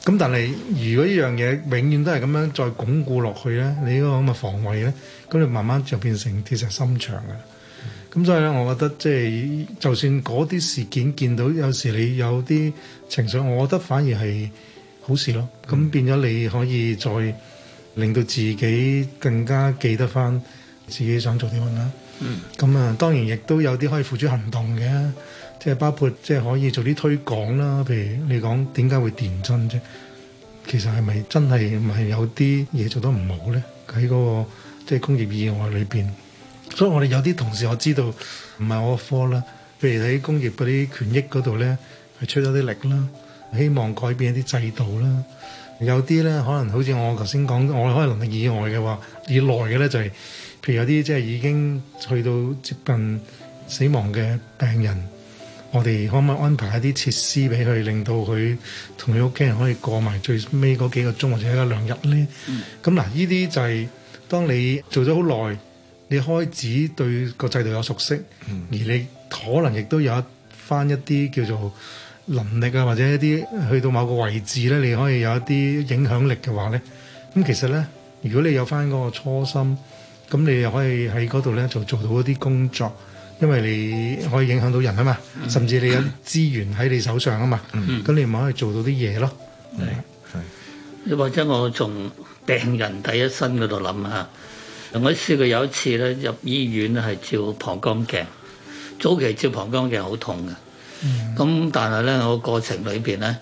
咁但係如果呢樣嘢永遠都係咁樣再鞏固落去呢，你呢個咁嘅防衞咧，咁就慢慢就變成鐵石心腸嘅。咁、嗯、所以呢，我覺得即係、就係、就算嗰啲事件見到，有時你有啲情緒，我覺得反而係好事咯。咁、嗯、變咗你可以再令到自己更加記得返自己想做啲乜啦。咁啊、嗯，當然亦都有啲可以付諸行動嘅。即係包括即係可以做啲推廣啦。譬如你講點解會電真啫？其實係咪真係咪有啲嘢做得唔好咧？喺嗰個即係工業意外裏邊，所以我哋有啲同事我知道唔係我科啦。譬如喺工業嗰啲權益嗰度咧，係出咗啲力啦，希望改變一啲制度啦。有啲咧可能好似我頭先講，我可能意外嘅話，以外嘅咧就係譬如有啲即係已經去到接近死亡嘅病人。我哋可唔可以安排一啲設施俾佢，令到佢同佢屋企人可以過埋最尾嗰幾個鐘或者一兩日咧？咁嗱、嗯，呢啲就係當你做咗好耐，你開始對個制度有熟悉，嗯、而你可能亦都有一翻一啲叫做能力啊，或者一啲去到某個位置咧，你可以有一啲影響力嘅話咧。咁其實咧，如果你有翻嗰個初心，咁你又可以喺嗰度咧就做到一啲工作。因為你可以影響到人啊嘛，嗯、甚至你有資源喺你手上啊嘛，咁、嗯、你咪可以做到啲嘢咯。係是，或者我從病人第一身嗰度諗下，我試過有一次咧入醫院咧係照膀胱鏡，早期照膀胱鏡好痛嘅，咁、嗯、但係咧我過程裏邊咧，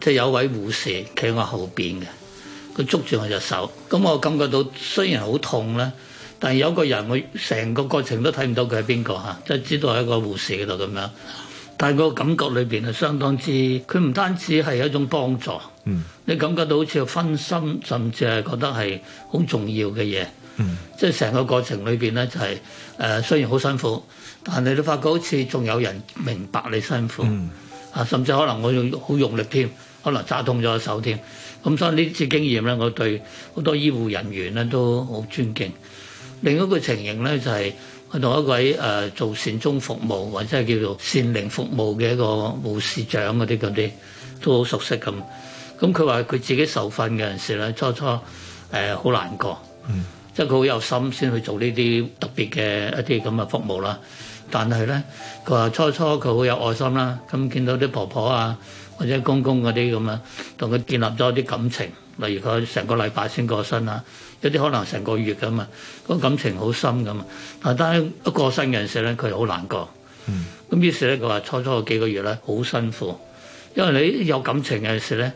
即、就、係、是、有位護士企我後邊嘅，佢捉住我隻手，咁我感覺到雖然好痛咧。但有個人，我成個過程都睇唔到佢係邊個嚇，即係知道係一個護士嗰度咁樣。但係個感覺裏邊係相當之，佢唔單止係一種幫助，嗯、你感覺到好似分心，甚至係覺得係好重要嘅嘢。嗯、即係成個過程裏邊咧，就係誒雖然好辛苦，但係你都發覺好似仲有人明白你辛苦，啊、嗯，甚至可能我用好用力添，可能揸痛咗手添。咁、嗯、所以呢次經驗咧，我對好多醫護人員咧都好尊敬。另一個情形咧，就係佢同一位誒、呃、做善終服務或者係叫做善靈服務嘅一個護士長嗰啲啲都好熟悉咁。咁佢話佢自己受訓嘅陣時咧，初初誒好、呃、難過，即係佢好有心先去做呢啲特別嘅一啲咁嘅服務啦。但係咧，佢話初初佢好有愛心啦，咁見到啲婆婆啊或者公公嗰啲咁樣，同佢建立咗啲感情。例如佢成個禮拜先過身啦，有啲可能成個月㗎嘛，個感情好深㗎嘛。但係一過身嘅陣時咧，佢好難過。咁於、嗯、是咧，佢話初初幾個月咧好辛苦，因為你有感情嘅陣時咧，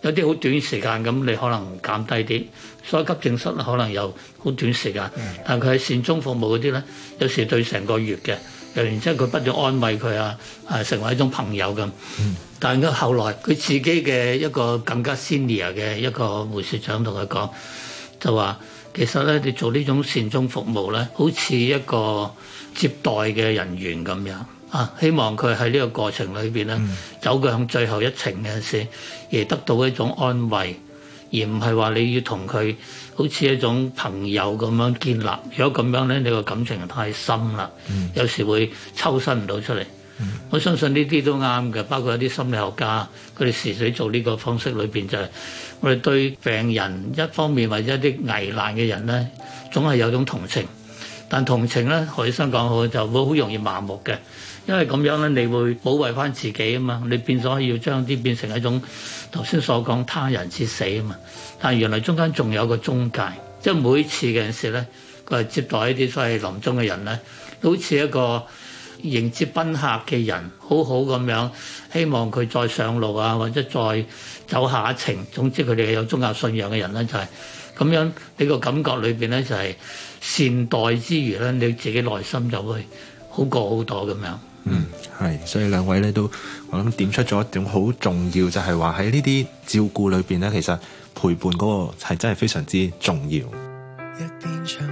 有啲好短時間咁，你可能減低啲。所以急症室可能又好短時間，嗯、但係佢喺善終服務嗰啲咧，有時對成個月嘅，又然之後佢不斷安慰佢啊，誒成為一種朋友咁。嗯。但佢後來佢自己嘅一個更加 senior 嘅一個護士長同佢講，就話其實咧，你做呢種善終服務咧，好似一個接待嘅人員咁樣啊，希望佢喺呢個過程裏邊咧，嗯、走佢向最後一程嘅時，而得到一種安慰，而唔係話你要同佢好似一種朋友咁樣建立，如果咁樣咧，你個感情太深啦，嗯、有時會抽身唔到出嚟。我相信呢啲都啱嘅，包括一啲心理學家，佢哋時時做呢個方式裏邊，就係、是、我哋對病人一方面或者一啲危難嘅人咧，總係有種同情，但同情咧，何醫生講好就會好容易麻木嘅，因為咁樣咧，你會保衛翻自己啊嘛，你變咗可以要將啲變成一種頭先所講他人之死啊嘛，但原來中間仲有個中介，即係每次嘅時咧，佢係接待一啲所謂臨終嘅人咧，都好似一個。迎接賓客嘅人，好好咁樣，希望佢再上路啊，或者再走下一程。總之佢哋係有宗教信仰嘅人咧，就係、是、咁樣，你個感覺裏邊咧，就係善待之餘咧，你自己內心就會好過好多咁樣。嗯，係、嗯，所以兩位咧都，我諗點出咗一種好重要，就係話喺呢啲照顧裏邊咧，其實陪伴嗰個係真係非常之重要。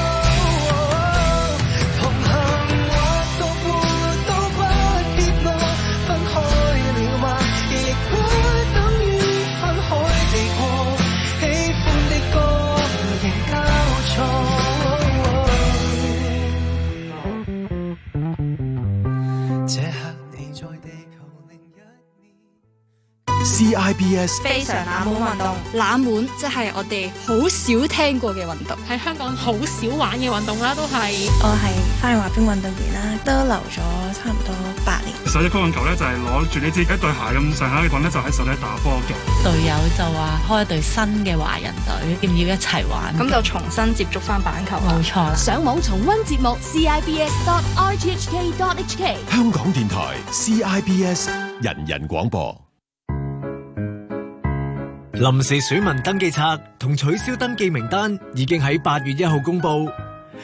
CIBS 非常冷門運動，冷門即係、就是、我哋好少聽過嘅運動，喺香港好少玩嘅運動啦，都係 我係，反去滑冰運動員啦，都留咗差唔多八年。手仔乒乓球咧就係攞住呢支一對鞋咁上下嘅棍咧，就喺手底打波嘅。隊友就話開一隊新嘅華人隊，要唔要一齊玩？咁就重新接觸翻板球。冇錯啦！上網重溫節目 CIBS.RTHK.HK。C I B G K K K、香港電台 CIBS 人人廣播。臨時選民登記冊同取消登記名單已經喺八月一號公布，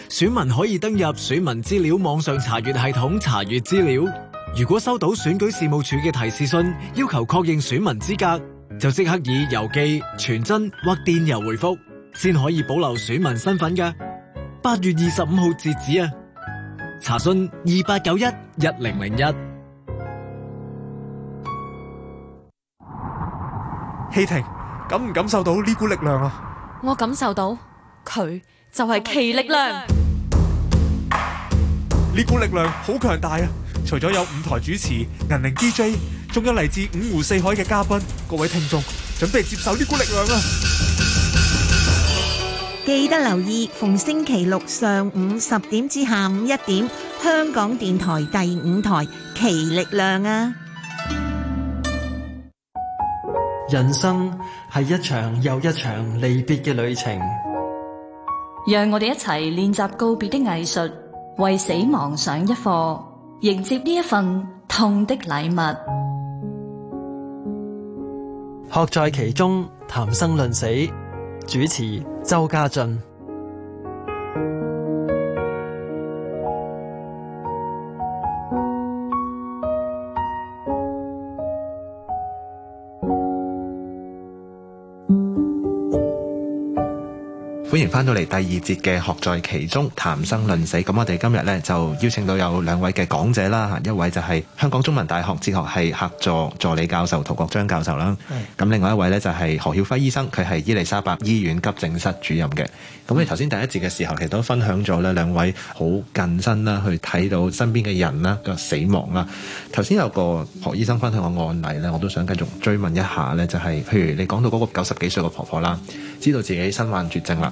選民可以登入選民資料網上查閱系統查閱資料。如果收到選舉事務處嘅提示信，要求確認選民資格，就即刻以郵寄、傳真或電郵回覆，先可以保留選民身份嘅。八月二十五號截止啊！查詢二八九一一零零一。希婷。感唔感受到呢股力量啊？我感受到，佢就係奇力量。呢股力量好強大啊！除咗有五台主持、銀鈴 DJ，仲有嚟自五湖四海嘅嘉賓。各位聽眾，準備接受呢股力量啊！記得留意逢星期六上午十點至下午一點，香港電台第五台《奇力量》啊！人生係一場又一場離別嘅旅程，讓我哋一齊練習告別的藝術，為死亡上一課，迎接呢一份痛的禮物。學在其中，談生論死，主持周家俊。歡迎返到嚟第二節嘅學在其中談生論死，咁我哋今日呢，就邀請到有兩位嘅講者啦，一位就係香港中文大學哲學系客座助理教授陶國璋教授啦，咁、嗯、另外一位呢，就係何曉輝醫生，佢係伊利沙伯醫院急症室主任嘅。咁你頭先第一節嘅時候，其實都分享咗呢兩位好近身啦，去睇到身邊嘅人啦個死亡啦。頭先有個何醫生分享個案例呢，我都想繼續追問一下呢，就係、是、譬如你講到嗰個九十幾歲嘅婆婆啦。知道自己身患絕症啦，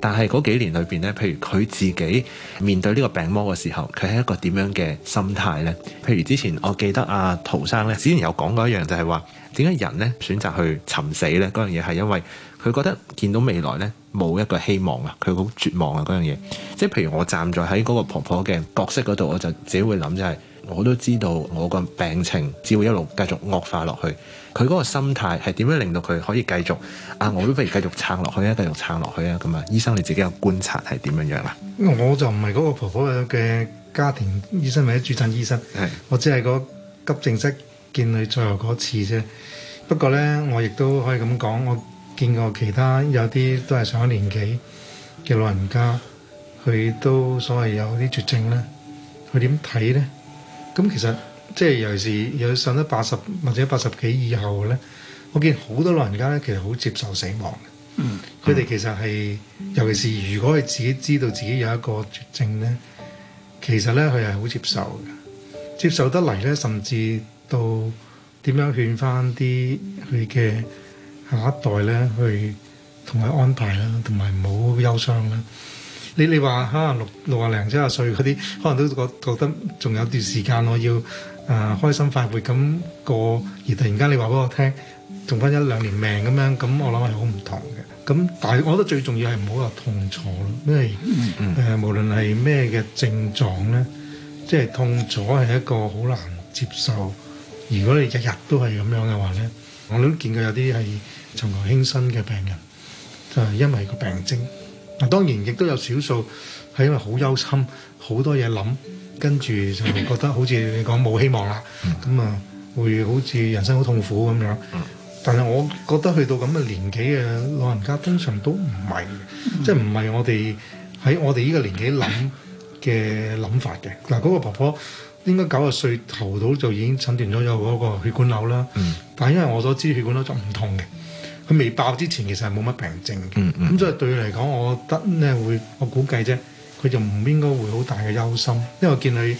但係嗰幾年裏邊咧，譬如佢自己面對呢個病魔嘅時候，佢係一個點樣嘅心態呢？譬如之前我記得阿、啊、陶生咧，之前有講過一樣就係話，點解人咧選擇去尋死呢？嗰樣嘢係因為佢覺得見到未來咧冇一個希望啊，佢好絕望啊嗰樣嘢。即係譬如我站在喺嗰個婆婆嘅角色嗰度，我就自己會諗就係、是，我都知道我個病情只會一路繼續惡化落去。佢嗰個心態係點樣令到佢可以繼續啊？我都不如繼續撐落去啊，繼續撐落去啊咁啊，醫生你自己嘅觀察係點樣樣啦？我就唔係嗰個婆婆嘅家庭醫生或者主診醫生，是我只係個急症室見佢最後嗰次啫。不過咧，我亦都可以咁講，我見過其他有啲都係上咗年紀嘅老人家，佢都所謂有啲絕症咧，佢點睇咧？咁其實。即係尤其是有上咗八十或者八十幾以後咧，我見好多老人家咧，其實好接受死亡嘅。嗯。佢哋其實係尤其是如果係自己知道自己有一個絕症咧，其實咧佢係好接受嘅，接受得嚟咧，甚至到點樣勸翻啲佢嘅下一代咧，去同佢安排啦，同埋唔好憂傷啦。你你話可能六六啊零七啊歲嗰啲，可能都覺得覺得仲有段時間我要。誒開心快活咁過，而突然間你話俾我聽，仲返一兩年命咁樣，咁我諗係好唔同嘅。咁但係我覺得最重要係唔好話痛楚咯，因為誒無論係咩嘅症狀咧，即係痛楚係一個好難接受。如果你日日都係咁樣嘅話咧，我都見過有啲係尋求輕生嘅病人，就係因為個病徵。嗱當然亦都有少數係因為好憂心，好多嘢諗。跟住就覺得好似你講冇希望啦，咁啊、嗯、會好似人生好痛苦咁樣。嗯、但係我覺得去到咁嘅年紀嘅老人家，通常都唔係，嗯、即係唔係我哋喺我哋呢個年紀諗嘅諗法嘅。嗱嗰個婆婆應該九十歲頭到就已經診斷咗有嗰個血管瘤啦。嗯、但因為我所知血管瘤就唔痛嘅，佢未爆之前其實係冇乜病症嘅。咁、嗯嗯嗯、所以對佢嚟講，我覺得咧會，我估計啫。佢就唔應該會好大嘅憂心，因為我見佢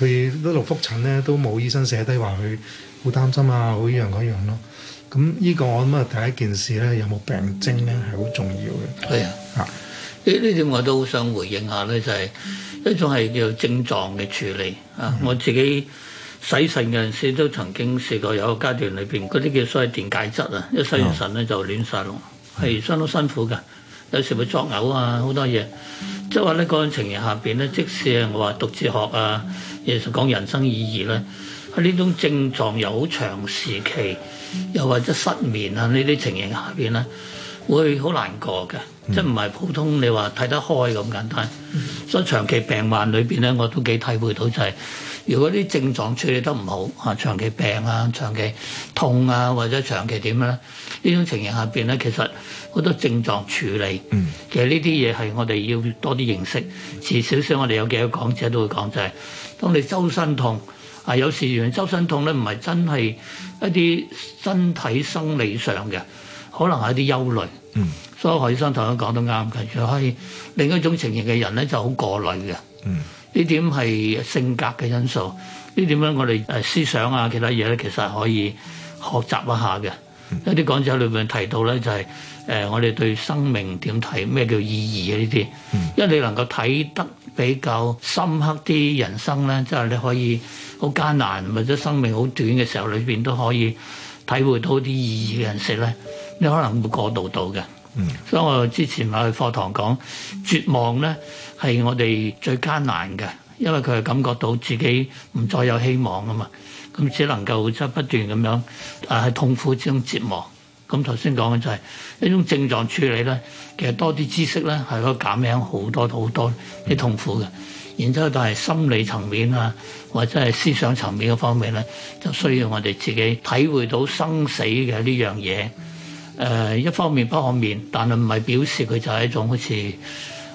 佢一路復診咧，都冇醫生寫低話佢好擔心啊，好依樣嗰樣咯、啊。咁呢個我諗啊，第一件事咧有冇病徵咧係好重要嘅。係啊，啊呢呢點我都好想回應下咧，就係、是、一種係叫症狀嘅處理啊。啊我自己洗腎嗰陣時都曾經試過有個階段裏邊嗰啲叫所謂電解質啊，一洗完腎咧就亂晒咯，係、嗯、相當辛苦嘅。有時會作嘔啊，好多嘢，即係話咧嗰種情形下邊咧，即使係我話讀哲學啊，其實講人生意義咧，喺呢種症狀又好長時期，又或者失眠啊呢啲情形下邊咧，會好難過嘅，嗯、即係唔係普通你話睇得開咁簡單，嗯、所以長期病患裏邊咧，我都幾體會到就係、是，如果啲症狀處理得唔好啊，長期病啊、長期痛啊或者長期點樣咧，呢種情形下邊咧，其實～好多症狀處理，嗯、其實呢啲嘢係我哋要多啲認識。至、嗯、少少我哋有幾位講者都會講，就係、是、當你周身痛啊，有時原來周身痛咧唔係真係一啲身體生理上嘅，可能係一啲憂慮。嗯，所以何醫生頭先講得啱嘅，仲可以另一種情形嘅人咧就好過慮嘅。嗯，呢點係性格嘅因素，呢點咧我哋誒思想啊其他嘢咧其實可以學習一下嘅。嗯、有啲講者裏邊提到咧就係、是。誒、呃，我哋對生命點睇？咩叫意義啊？呢啲，嗯、因為你能夠睇得比較深刻啲人生咧，即、就、係、是、你可以好艱難或者生命好短嘅時候，裏邊都可以體會到啲意義嘅人生咧，你可能會過渡到嘅。嗯，所以我之前咪去課堂講，絕望咧係我哋最艱難嘅，因為佢係感覺到自己唔再有希望啊嘛，咁只能夠即係不斷咁樣喺痛苦之中折磨。咁頭先講嘅就係、是、一種症狀處理咧，其實多啲知識咧係可以減輕好多好多啲痛苦嘅。然之後就係心理層面啊，或者係思想層面嘅方面咧，就需要我哋自己體會到生死嘅呢樣嘢。誒、嗯呃，一方面不可免，但係唔係表示佢就係一種好似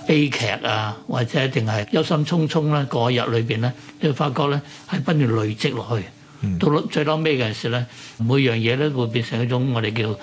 悲劇啊，或者一定係憂心忡忡啦。嗰日裏邊咧，你會發覺咧係不斷累積落去。到、嗯、最撈尾嗰陣時咧，每樣嘢咧會變成一種我哋叫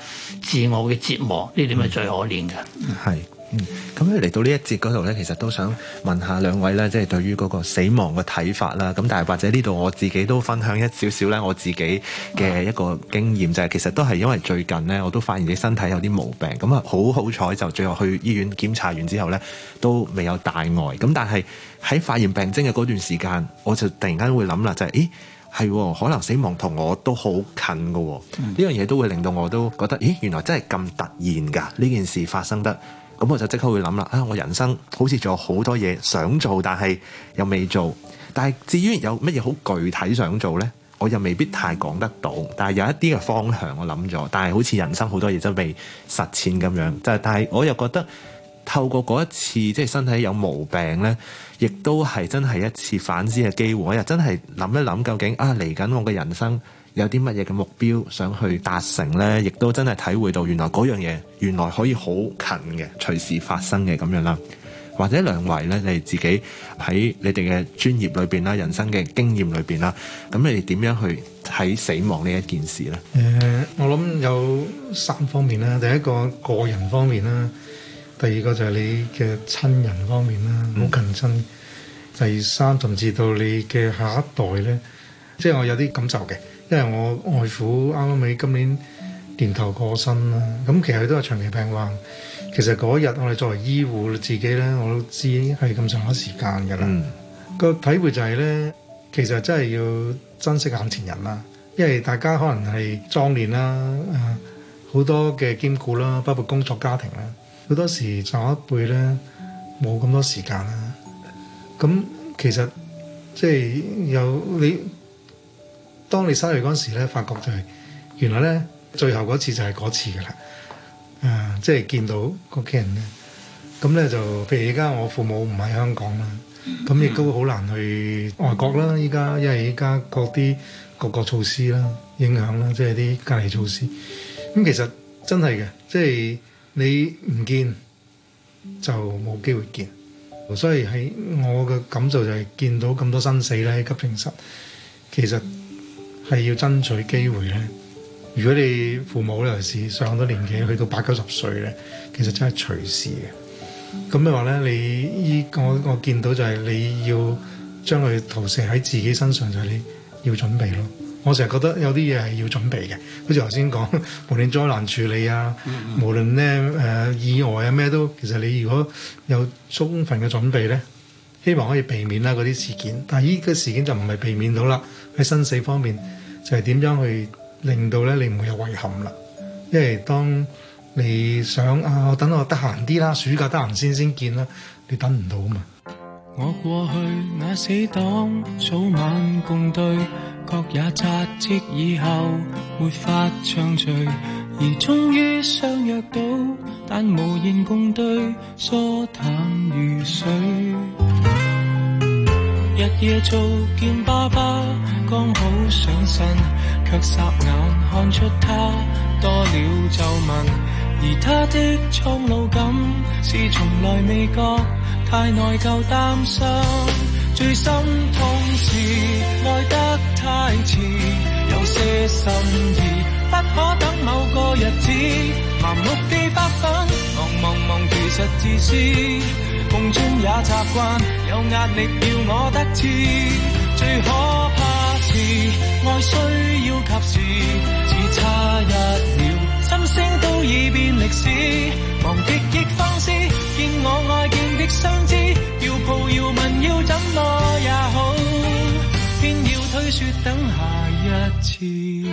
自我嘅折磨，呢點係最可憐嘅。係，嗯，嗯，咁咧嚟到呢一節嗰度咧，其實都想問下兩位咧，即係對於嗰個死亡嘅睇法啦。咁但係或者呢度我自己都分享一少少咧，我自己嘅一個經驗就係其實都係因為最近咧，我都發現自己身體有啲毛病咁啊，好好彩就最後去醫院檢查完之後咧都未有大礙。咁但係喺發現病徵嘅嗰段時間，我就突然間會諗啦，就係誒。咦係，可能死亡同我都好近㗎，呢樣嘢都會令到我都覺得，咦，原來真係咁突然㗎！呢件事發生得，咁我就即刻會諗啦，啊，我人生好似仲有好多嘢想做，但係又未做。但係至於有乜嘢好具體想做呢？我又未必太講得到。但係有一啲嘅方向我諗咗，但係好似人生好多嘢都未實踐咁樣。就係，但係我又覺得透過嗰一次，即係身體有毛病呢。亦都係真係一次反思嘅機會，我又真係諗一諗究竟啊嚟緊我嘅人生有啲乜嘢嘅目標想去達成呢？亦都真係體會到原來嗰樣嘢原來可以好近嘅，隨時發生嘅咁樣啦。或者兩位呢，你自己喺你哋嘅專業裏邊啦、人生嘅經驗裏邊啦，咁你哋點樣去睇死亡呢一件事呢？誒、呃，我諗有三方面啦，第一個個人方面啦。第二個就係你嘅親人方面啦，好近親。第三，甚至到你嘅下一代咧，即係我有啲感受嘅，因為我外父啱啱尾今年年頭過身啦。咁其實都係長期病患。其實嗰日我哋作為醫護自己咧，我都知係咁上下時間㗎啦。個、嗯、體會就係咧，其實真係要珍惜眼前人啦，因為大家可能係壯年啦，誒好多嘅兼顧啦，包括工作、家庭啦。好多時就一輩咧冇咁多時間啦，咁其實即係有你當你生日嗰時咧，發覺就係、是、原來咧最後嗰次就係嗰次噶啦，啊即係見到屋企人咧，咁咧就譬如而家我父母唔喺香港啦，咁亦、mm hmm. 都好難去外國啦。依家因為依家各啲各個措施啦，影響啦，即係啲隔離措施。咁其實真係嘅，即係。你唔見就冇機會見，所以喺我嘅感受就係、是、見到咁多生死咧喺急症室，其實係要爭取機會咧。如果你父母尤其是上咗年紀，去到八九十歲咧，其實真係隨時嘅。咁咪話咧，你依個我，我見到就係你要將佢投射喺自己身上，就係、是、你要準備咯。我成日覺得有啲嘢係要準備嘅，好似頭先講，無論災難處理啊，嗯嗯，無論呢誒、呃、意外啊咩都，其實你如果有充分嘅準備呢，希望可以避免啦嗰啲事件。但係呢個事件就唔係避免到啦。喺生死方面，就係、是、點樣去令到呢？你唔會有遺憾啦。因為當你想啊，我等我得閒啲啦，暑假得閒先先見啦，你等唔到啊嘛。我過去那死黨，早晚共對。各也插翅以後沒法暢聚，而終於相約到，但無言共對，疏淡如水。日 夜做見爸爸，剛好想呻，卻霎眼看出他多了皺紋，而他的蒼老感是從來未覺，太內疚擔心。最心痛是愛得太遲，有些心意不可等某個日子，盲目地發奮，忙忙忙，其實自私，夢中也習慣，有壓力要我得志，最可怕是愛需要及時，只差一秒，心聲。已變歷史，忘掉亦方式見我愛、啊、見的相知，要抱要吻要怎麼也好，偏要推說等下一次。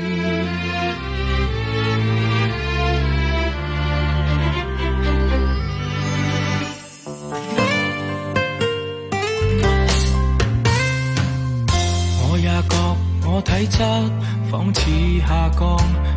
我也覺我體質仿似下降。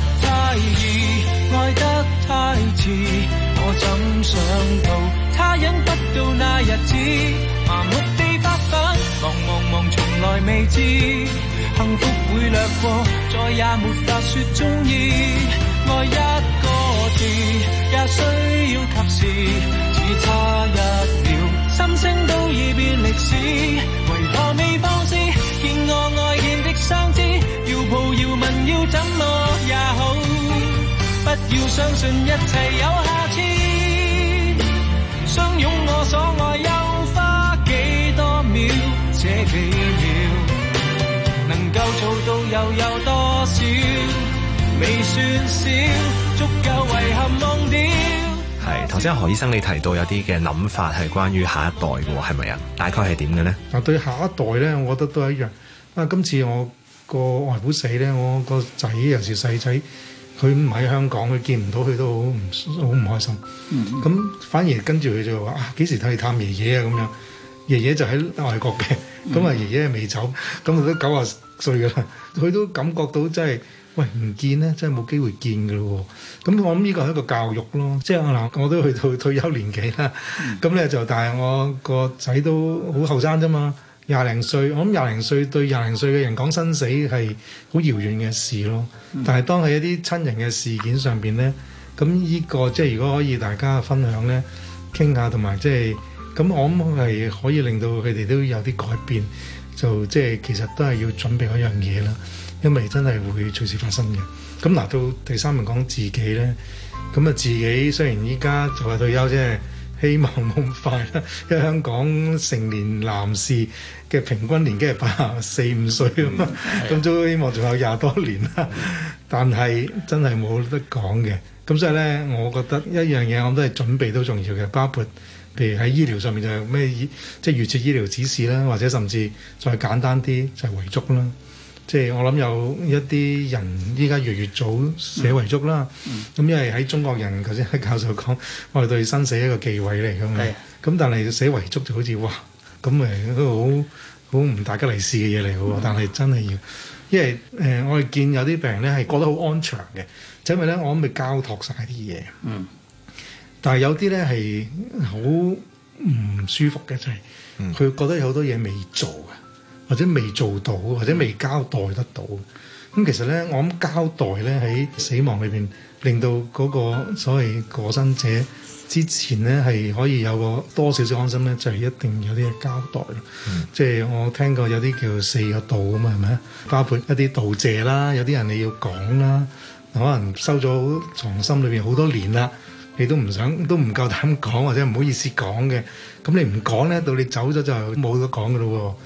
愛得太遲，我怎想到他忍不到那日子，盲、啊、目地發奮忙忙忙從來未知，幸福會掠過，再也沒法說中意，愛一個字也需要及時，只差一秒，心聲都已變歷史，為何未放肆，見我愛見的相知，要抱要吻要怎麼也好。不要相信一切有下次，相擁我所愛又花幾多秒？這幾秒能夠做到又有多少？未算少，足夠遺憾忘掉。係頭先何醫生你提到有啲嘅諗法係關於下一代嘅，係咪啊？大概係點嘅呢？啊，對下一代咧，我覺得都係一樣。啊，今次我個外父死咧，我個仔又是細仔。佢唔喺香港，佢見唔到佢都好唔好唔開心。咁、嗯、哼反而跟住佢就話：啊，幾時去探爺爺啊？咁樣，爺爺就喺外國嘅。咁啊、嗯哼，爺爺未走，咁佢都九啊歲㗎啦。佢都感覺到真係喂唔見咧，真係冇機會見㗎咯。咁我諗呢個係一個教育咯。即係我諗，我都去到退休年紀啦。咁咧、嗯、哼就但係我個仔都好後生啫嘛。廿零歲，我諗廿零歲對廿零歲嘅人講生死係好遙遠嘅事咯。但係當係一啲親人嘅事件上邊咧，咁呢、呢個即係如果可以大家分享咧，傾下同埋即係咁，就是、我諗係可以令到佢哋都有啲改變，就即係其實都係要準備嗰樣嘢啦，因為真係會隨時發生嘅。咁嗱到第三問講自己咧，咁啊自己雖然依家就係退休即係。希望咁快啦，因為香港成年男士嘅平均年紀係八十四五歲啊嘛，咁 都、嗯 嗯、 希望仲有廿多年啦。 但係真係冇得講嘅，咁所以呢，我覺得一樣嘢我都係準備都重要嘅，包括譬如喺醫療上面就係咩，即係預設醫療指示啦，或者甚至再簡單啲就係遺囑啦。即係我諗有一啲人依家越越早寫遺囑啦，咁因為喺中國人頭先喺教授講，我哋對生死一個忌諱嚟㗎嘛。咁但係寫遺囑就好似哇，咁誒都好好唔大吉利事嘅嘢嚟嘅喎。但係真係要，因為誒我哋見有啲病人咧係覺得好安詳嘅，就因為咧我諗咪交託曬啲嘢。嗯，但係有啲咧係好唔舒服嘅，就係佢覺得有好多嘢未做嘅。或者未做到，或者未交代得到。咁其實咧，我諗交代咧喺死亡裏邊，令到嗰個所謂過身者之前咧係可以有個多少少安心咧，就係一定有啲嘅交代。即係我聽過有啲叫四個道啊嘛，係咪啊？包括一啲道謝啦，有啲人你要講啦，可能收咗藏心裏邊好多年啦，你都唔想都唔夠膽講，或者唔好意思講嘅咁，你唔講咧，到你走咗就冇得講噶咯喎。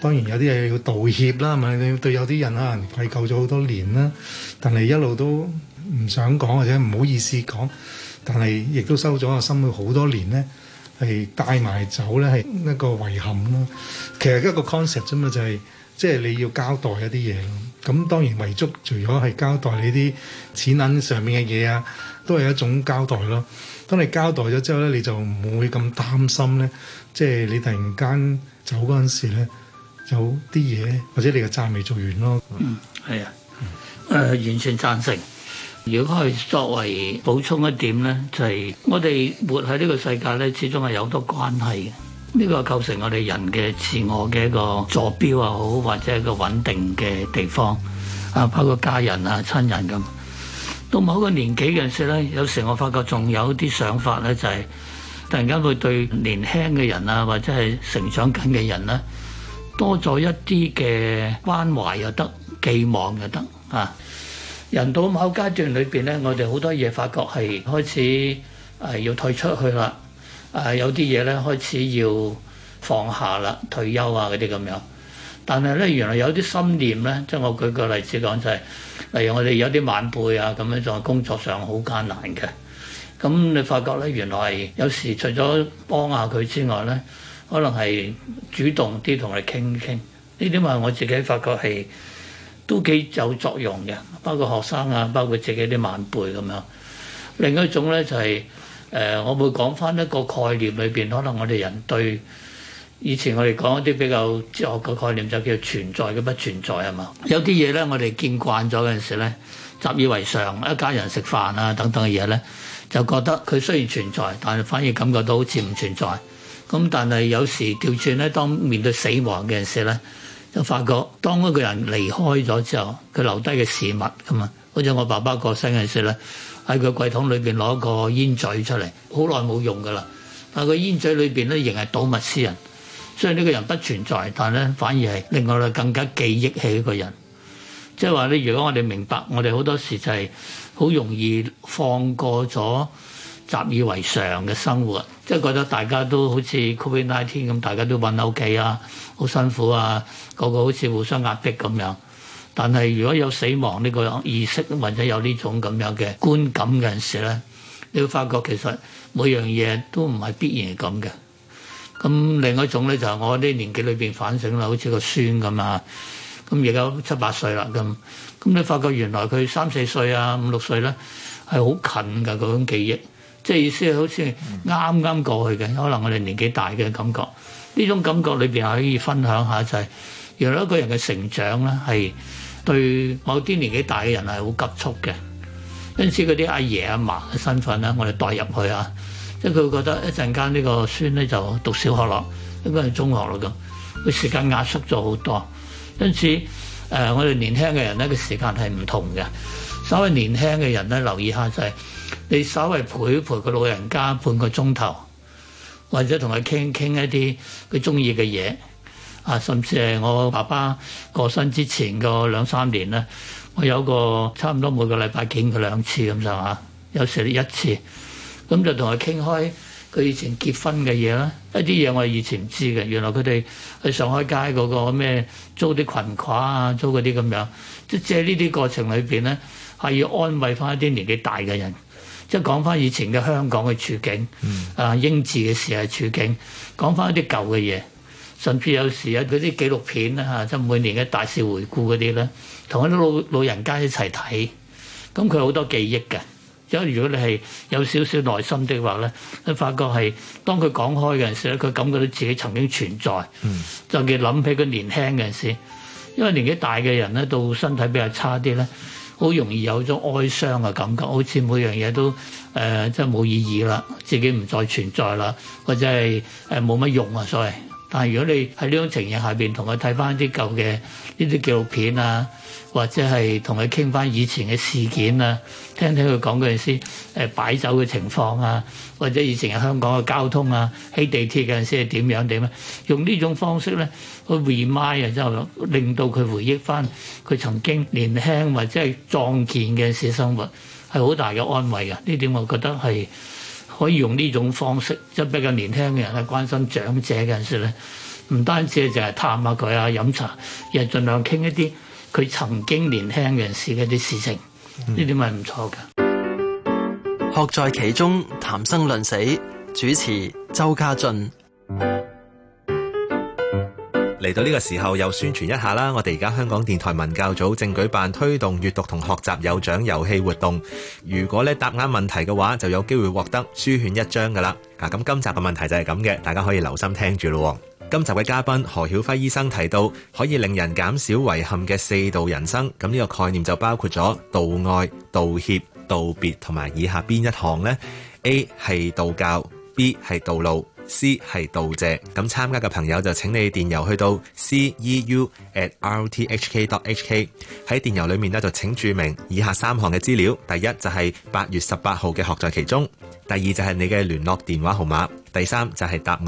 當然有啲嘢要道歉啦，咪對有啲人可能愧疚咗好多年啦。但係一路都唔想講，或者唔好意思講，但係亦都收咗個心會好多年咧，係帶埋走咧係一個遺憾咯。其實一個 concept 啫嘛，就係即係你要交代一啲嘢咯。咁當然遺囑除咗係交代你啲錢銀上面嘅嘢啊，都係一種交代咯。當你交代咗之後咧，你就唔會咁擔心咧，即係你突然間走嗰陣時咧。有啲嘢，或者你嘅債未做完咯。嗯，係啊，誒、呃、完全贊成。如果可以作為補充一點咧，就係、是、我哋活喺呢個世界咧，始終係有好多關係嘅。呢、這個構成我哋人嘅自我嘅一個座標啊，好或者一個穩定嘅地方啊，包括家人啊、親人咁。到某個年紀嘅陣時咧，有時我發覺仲有啲想法咧，就係、是、突然間會對年輕嘅人啊，或者係成長緊嘅人咧、啊。多咗一啲嘅關懷又得，寄望又得啊！人到某階段裏邊咧，我哋好多嘢發覺係開始誒、呃、要退出去啦，誒、呃、有啲嘢咧開始要放下啦，退休啊嗰啲咁樣。但係咧，原來有啲心念咧，即係我舉個例子講就係、是，例如我哋有啲晚輩啊，咁樣就係工作上好艱難嘅，咁你發覺咧，原來係有時除咗幫下佢之外咧。可能係主動啲同佢傾一傾，呢啲咪我自己發覺係都幾有作用嘅，包括學生啊，包括自己啲晚輩咁樣。另一種咧就係、是、誒、呃，我會講返一個概念裏邊，可能我哋人對以前我哋講一啲比較哲學嘅概念，就叫存在嘅不存在啊嘛。有啲嘢咧，我哋見慣咗嘅時咧，習以為常，一家人食飯啊等等嘅嘢咧，就覺得佢雖然存在，但係反而感覺到好似唔存在。咁但係有時調轉咧，當面對死亡嘅時咧，就發覺當一個人離開咗之後，佢留低嘅事物咁啊，好似我爸爸過身嘅時咧，喺佢櫃桶裏邊攞個煙嘴出嚟，好耐冇用噶啦，但係個煙嘴裏邊咧仍係睹物思人，雖然呢個人不存在，但咧反而係令我哋更加記憶起一個人，即係話咧，如果我哋明白，我哋好多時就係好容易放過咗。習以為常嘅生活，即係覺得大家都好似 Covid 19咁，大家都搵屋企啊，好辛苦啊，個個好似互相壓迫咁樣。但係如果有死亡呢個意識，或者有呢種咁樣嘅觀感嘅陣時咧，你會發覺其實每樣嘢都唔係必然係咁嘅。咁另外一種咧就係我啲年紀裏邊反省啦，好似個孫咁啊，咁而家七八歲啦。咁咁你發覺原來佢三四歲啊、五六歲咧係好近㗎嗰種記憶。即係意思好似啱啱過去嘅，可能我哋年紀大嘅感覺，呢種感覺裏邊可以分享下就係原來一個人嘅成長咧係對某啲年紀大嘅人係好急速嘅，因此嗰啲阿爺阿嫲嘅身份咧，我哋代入去啊，即係佢會覺得一陣間呢個孫咧就讀小學咯，應該係中學咯咁，佢時間壓縮咗好多，因此誒我哋年輕嘅人咧個時間係唔同嘅，稍微年輕嘅人咧留意下就係、是。你稍微陪陪佢老人家半個鐘頭，或者同佢傾傾一啲佢中意嘅嘢，啊，甚至係我爸爸過身之前個兩三年咧，我有個差唔多每個禮拜見佢兩次咁就吓，有時一次，咁就同佢傾開佢以前結婚嘅嘢啦，一啲嘢我以前唔知嘅，原來佢哋去上海街嗰個咩租啲裙褂啊，租嗰啲咁樣，即係呢啲過程裏邊咧，係要安慰翻一啲年紀大嘅人。即係講翻以前嘅香港嘅處境，嗯、啊英治嘅時候處境，講翻一啲舊嘅嘢，甚至有時啊嗰啲紀錄片咧嚇，即、啊、係每年嘅大事回顧嗰啲咧，同一啲老老人家一齊睇，咁佢好多記憶嘅。因為如果你係有少少耐心的話咧，你發覺係當佢講開嘅陣時咧，佢感覺到自己曾經存在，嗯、就叫諗起佢年輕嘅陣時。因為年紀大嘅人咧，到身體比較差啲咧。好容易有種哀傷嘅感覺，好似每樣嘢都誒、呃、真係冇意義啦，自己唔再存在啦，或者係誒冇乜用啊，所謂。但係如果你喺呢種情形下邊，同佢睇翻啲舊嘅呢啲紀錄片啊，或者係同佢傾翻以前嘅事件啊，聽聽佢講嗰陣時誒擺酒嘅情況啊。或者以前喺香港嘅交通啊，喺地鐵嗰陣時，係點樣點樣啊？用呢種方式咧去 remind 啊，之後令到佢回憶翻佢曾經年輕或者係壯健嘅時生活，係好大嘅安慰啊！呢點我覺得係可以用呢種方式，即係比較年輕嘅人去關心長者嘅陣時咧，唔單止就係探下佢啊、飲茶，又係盡量傾一啲佢曾經年輕嘅陣時嘅一啲事情，呢點係唔錯㗎。嗯。學在其中，談生論死。主持周家俊嚟到呢個時候，又宣傳一下啦。我哋而家香港電台文教組正舉辦推動閱讀同學習有獎遊戲活動。如果咧答啱問題嘅話，就有機會獲得書券一張噶啦。啊，咁今集嘅問題就係咁嘅，大家可以留心聽住咯。今集嘅嘉賓何曉輝醫生提到，可以令人減少遺憾嘅四道人生。咁呢個概念就包括咗道愛、道歉。道別同埋以下邊一項呢 A 係道教，B 係道路，C 係道謝。咁參加嘅朋友就請你電郵去到 c e u at r t h k dot h k。喺電郵裏面咧就請註明以下三項嘅資料。第一就係八月十八號嘅學在其中。第二就係你嘅聯絡電話號碼，第三就係答案。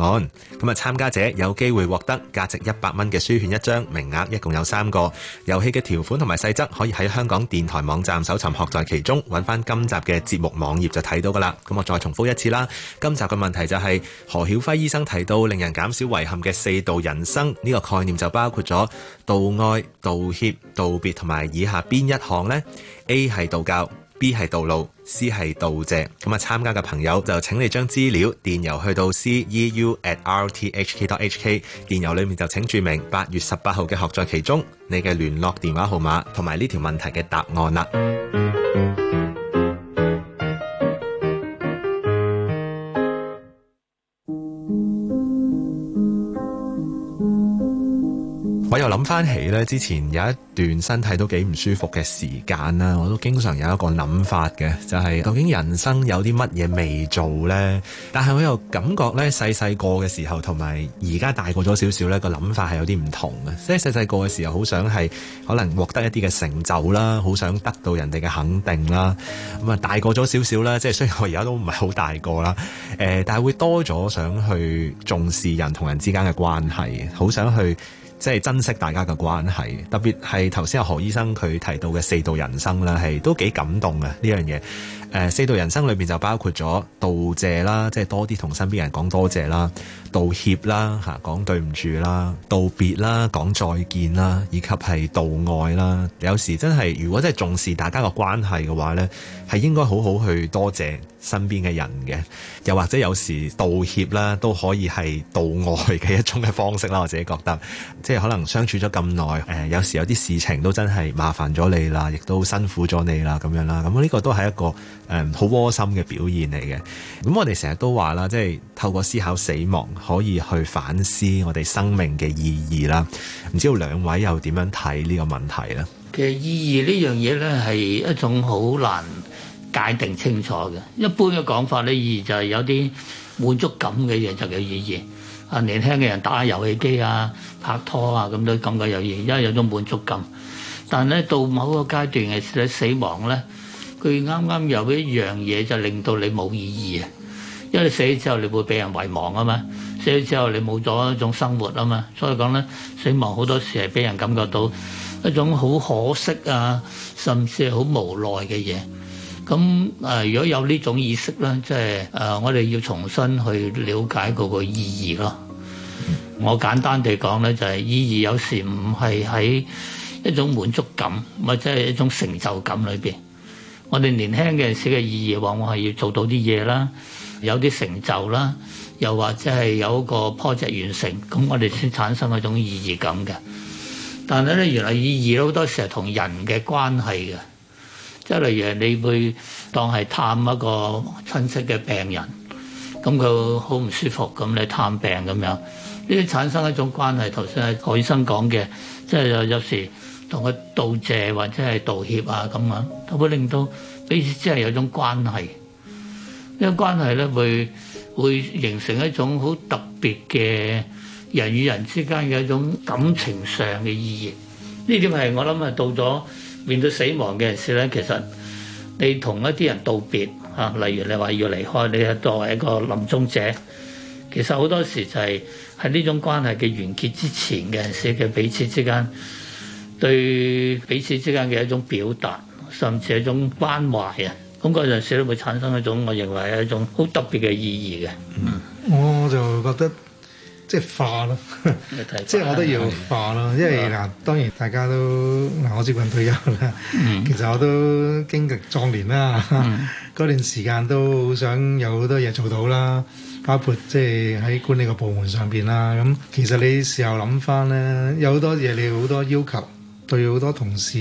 咁啊，參加者有機會獲得價值一百蚊嘅書券一張，名額一共有三個。遊戲嘅條款同埋細則可以喺香港電台網站搜尋學在其中，揾翻今集嘅節目網頁就睇到噶啦。咁我再重複一次啦。今集嘅問題就係何曉輝醫生提到令人減少遺憾嘅四道人生呢個概念，就包括咗道愛、道歉、道別同埋以下邊一項呢？A 係道教。B 係道路，C 係道謝。咁啊，參加嘅朋友就請你將資料電郵去到 CEU at rthk.hk，電郵裏面就請注明八月十八號嘅學在其中，你嘅聯絡電話號碼同埋呢條問題嘅答案啦。我又諗翻起咧，之前有一段身體都幾唔舒服嘅時間啦，我都經常有一個諗法嘅，就係究竟人生有啲乜嘢未做呢？但係我又感覺呢，細細個嘅時候、那個、同埋而家大個咗少少呢個諗法係有啲唔同嘅，即係細細個嘅時候好想係可能獲得一啲嘅成就啦，好想得到人哋嘅肯定啦。咁啊，大個咗少少啦，即係雖然我而家都唔係好大個啦，誒、呃，但係會多咗想去重視人同人之間嘅關係，好想去。即係珍惜大家嘅關係，特別係頭先阿何醫生佢提到嘅四道人生啦，係都幾感動啊！呢樣嘢，誒、呃、四道人生裏邊就包括咗道謝啦，即係多啲同身邊人講多謝啦。道歉啦吓，講對唔住啦，道別啦，講再見啦，以及係道愛啦。有時真係，如果真係重視大家個關係嘅話呢，係應該好好去多謝身邊嘅人嘅。又或者有時道歉啦，都可以係道愛嘅一種嘅方式啦。我自己覺得，即係可能相處咗咁耐，誒，有時有啲事情都真係麻煩咗你啦，亦都辛苦咗你啦，咁樣啦。咁呢個都係一個誒好窩心嘅表現嚟嘅。咁我哋成日都話啦，即係透過思考死亡。可以去反思我哋生命嘅意義啦，唔知道兩位又點樣睇呢個問題咧？其實意義呢樣嘢咧，係一種好難界定清楚嘅。一般嘅講法咧，意義就係有啲滿足感嘅嘢就有意義。啊，年輕嘅人打下遊戲機啊、拍拖啊咁都感覺有意義，因為有種滿足感。但係咧到某個階段嘅死亡咧，佢啱啱有一樣嘢就令到你冇意義啊，因為你死咗之後你會畀人遺忘啊嘛。即之後你冇咗一種生活啊嘛，所以講咧，死亡好多時係俾人感覺到一種好可惜啊，甚至係好無奈嘅嘢。咁誒、呃，如果有呢種意識咧，即係誒、呃，我哋要重新去了解嗰個意義咯。我簡單地講咧，就係、是、意義有時唔係喺一種滿足感，或者係一種成就感裏邊。我哋年輕嘅時嘅意義往往係要做到啲嘢啦，有啲成就啦。又或者係有一個 project 完成，咁我哋先產生一種意義感嘅。但係咧，原來意義好多時係同人嘅關係嘅，即係例如你會當係探一個親戚嘅病人，咁佢好唔舒服，咁你探病咁樣，呢啲產生一種關係。頭先係何醫生講嘅，即係有時同佢道謝或者係道歉啊咁樣，都會令到彼此真係有種關係。呢個關係咧會。會形成一種好特別嘅人與人之間嘅一種感情上嘅意義。呢點係我諗啊，到咗面對死亡嘅時咧，其實你同一啲人道別啊，例如你話要離開，你係作為一個臨終者，其實好多時就係喺呢種關係嘅完結之前嘅時，佢彼此之間對彼此之間嘅一種表達，甚至係一種關懷啊。咁嗰陣時都會產生一種，我認為係一種好特別嘅意義嘅。嗯，我就覺得即係化咯，即係 我都要化咯。因為嗱，的當然大家都嗱，我接近退休啦。嗯、其實我都經歷壯年啦，嗰、嗯、 段時間都好想有好多嘢做到啦。包括即係喺管理個部門上邊啦。咁其實你時候諗翻咧，有好多嘢你好多要求，對好多同事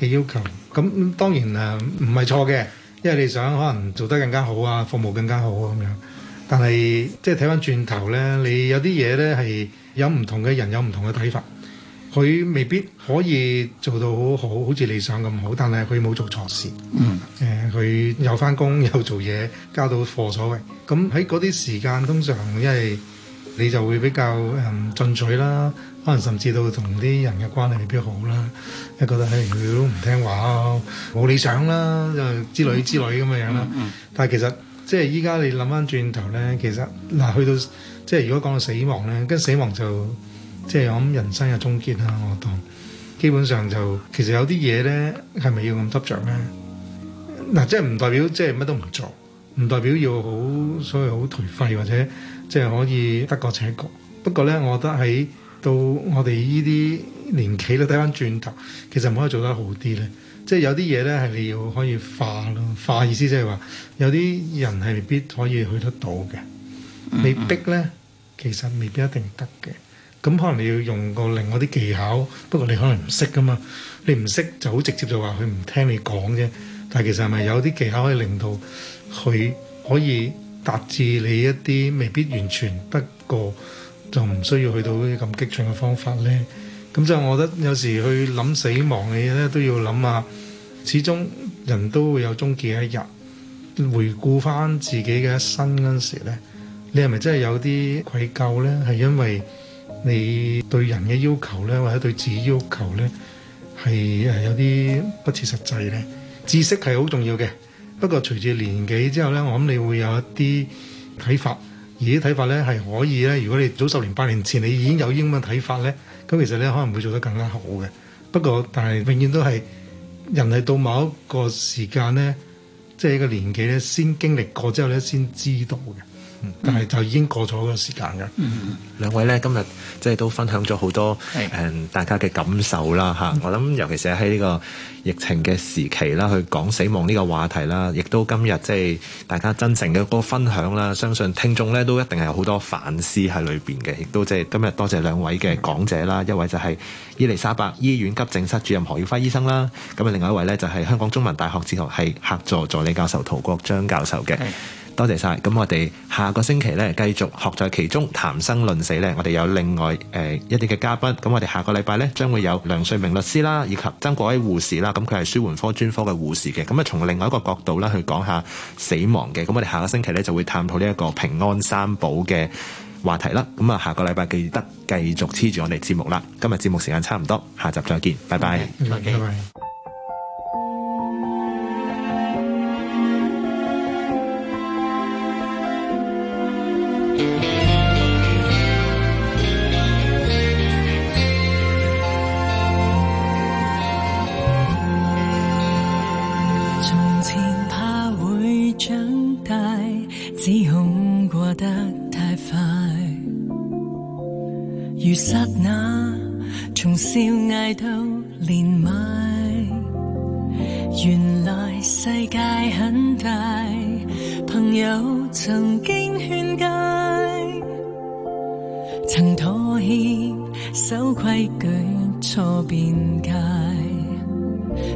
嘅要求。咁當然誒，唔係錯嘅。因為你想可能做得更加好啊，服務更加好啊。咁樣，但係即係睇翻轉頭咧，你有啲嘢咧係有唔同嘅人有唔同嘅睇法，佢未必可以做到好好好似你想咁好，但係佢冇做錯事，嗯呃。嗯。誒，佢又翻工又做嘢，交到貨所謂。咁喺嗰啲時間，通常因為你就會比較誒嗯、進取啦。可能甚至到同啲人嘅關係未必好啦，一覺得係佢都唔聽話，冇理想啦，就之類之類咁嘅樣啦。 但係其實即係依家你諗翻轉頭咧，其實嗱去到即係如果講到死亡咧，跟死亡就即係我諗人生嘅終結啦。我當基本上就其實有啲嘢咧係咪要咁執着咧？嗱，即係唔代表即係乜都唔做，唔代表要好所謂好頹廢或者即係可以得過且過。不過咧，我覺得喺到我哋呢啲年紀咧，睇翻轉頭，其實唔可以做得好啲咧？即係有啲嘢咧，係你要可以化咯。化意思即係話，有啲人係未必可以去得到嘅。你逼咧，其實未必一定得嘅。咁可能你要用個另外啲技巧，不過你可能唔識噶嘛。你唔識就好直接就話佢唔聽你講啫。但係其實係咪有啲技巧可以令到佢可以達至你一啲未必完全不過？就唔需要去到啲咁激進嘅方法咧，咁即係我覺得有時去諗死亡嘅嘢咧，都要諗啊。始終人都會有終結一日，回顧翻自己嘅一生嗰陣時咧，你係咪真係有啲愧疚咧？係因為你對人嘅要求咧，或者對自己要求咧，係係有啲不切實際咧。知識係好重要嘅，不過隨住年紀之後咧，我諗你會有一啲啟發。而啲睇法咧係可以咧，如果你早十年、八年前你已經有英文睇法咧，咁其實咧可能會做得更加好嘅。不過，但係永遠都係人係到某一個時間咧，即係個年紀咧，先經歷過之後咧，先知道嘅。但係就已經過咗個時間嘅。嗯、兩位呢，今日即係都分享咗好多誒是大家嘅感受啦嚇。是我諗尤其是喺呢個疫情嘅時期啦，去講死亡呢個話題啦，亦都今日即係大家真誠嘅嗰個分享啦。相信聽眾呢，都一定係有好多反思喺裏邊嘅。亦都即係今日多謝兩位嘅講者啦，是一位就係伊利沙伯醫院急症室主任何曉輝醫生啦。咁啊另外一位呢，就係、是、香港中文大學哲學系客座助，助理教授陶國璋教授嘅。多謝晒，咁我哋下個星期呢，繼續學在其中談生論死呢，我哋有另外誒、呃、一啲嘅嘉賓，咁我哋下個禮拜呢，將會有梁瑞明律師啦，以及曾國威護士啦，咁佢係舒緩科專科嘅護士嘅，咁啊從另外一個角度啦去講下死亡嘅，咁我哋下個星期呢，就會探討呢一個平安三寶嘅話題啦，咁啊下個禮拜記得繼續黐住我哋節目啦，今日節目時間差唔多，下集再見，拜拜，Okay. Okay. okay. 從前怕會長大，只恐過得太快，如剎那從少艾到年邁，原來世界很大。朋友曾經勸戒，曾妥協守規矩，錯邊界。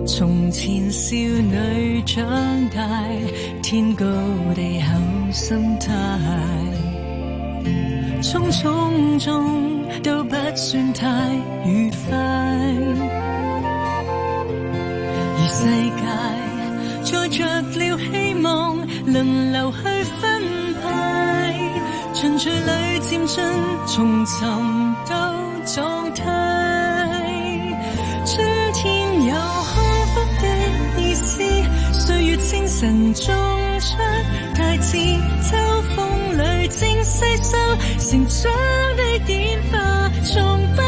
從前少女長大，天高地厚心態，匆匆匆都不算太愉快。而世界載着了希望。輪流去分配，循序裏漸進，從尋到狀態。春天有幸福的意思，歲月清晨種出大智，秋風裏正吸收成長的點化。從不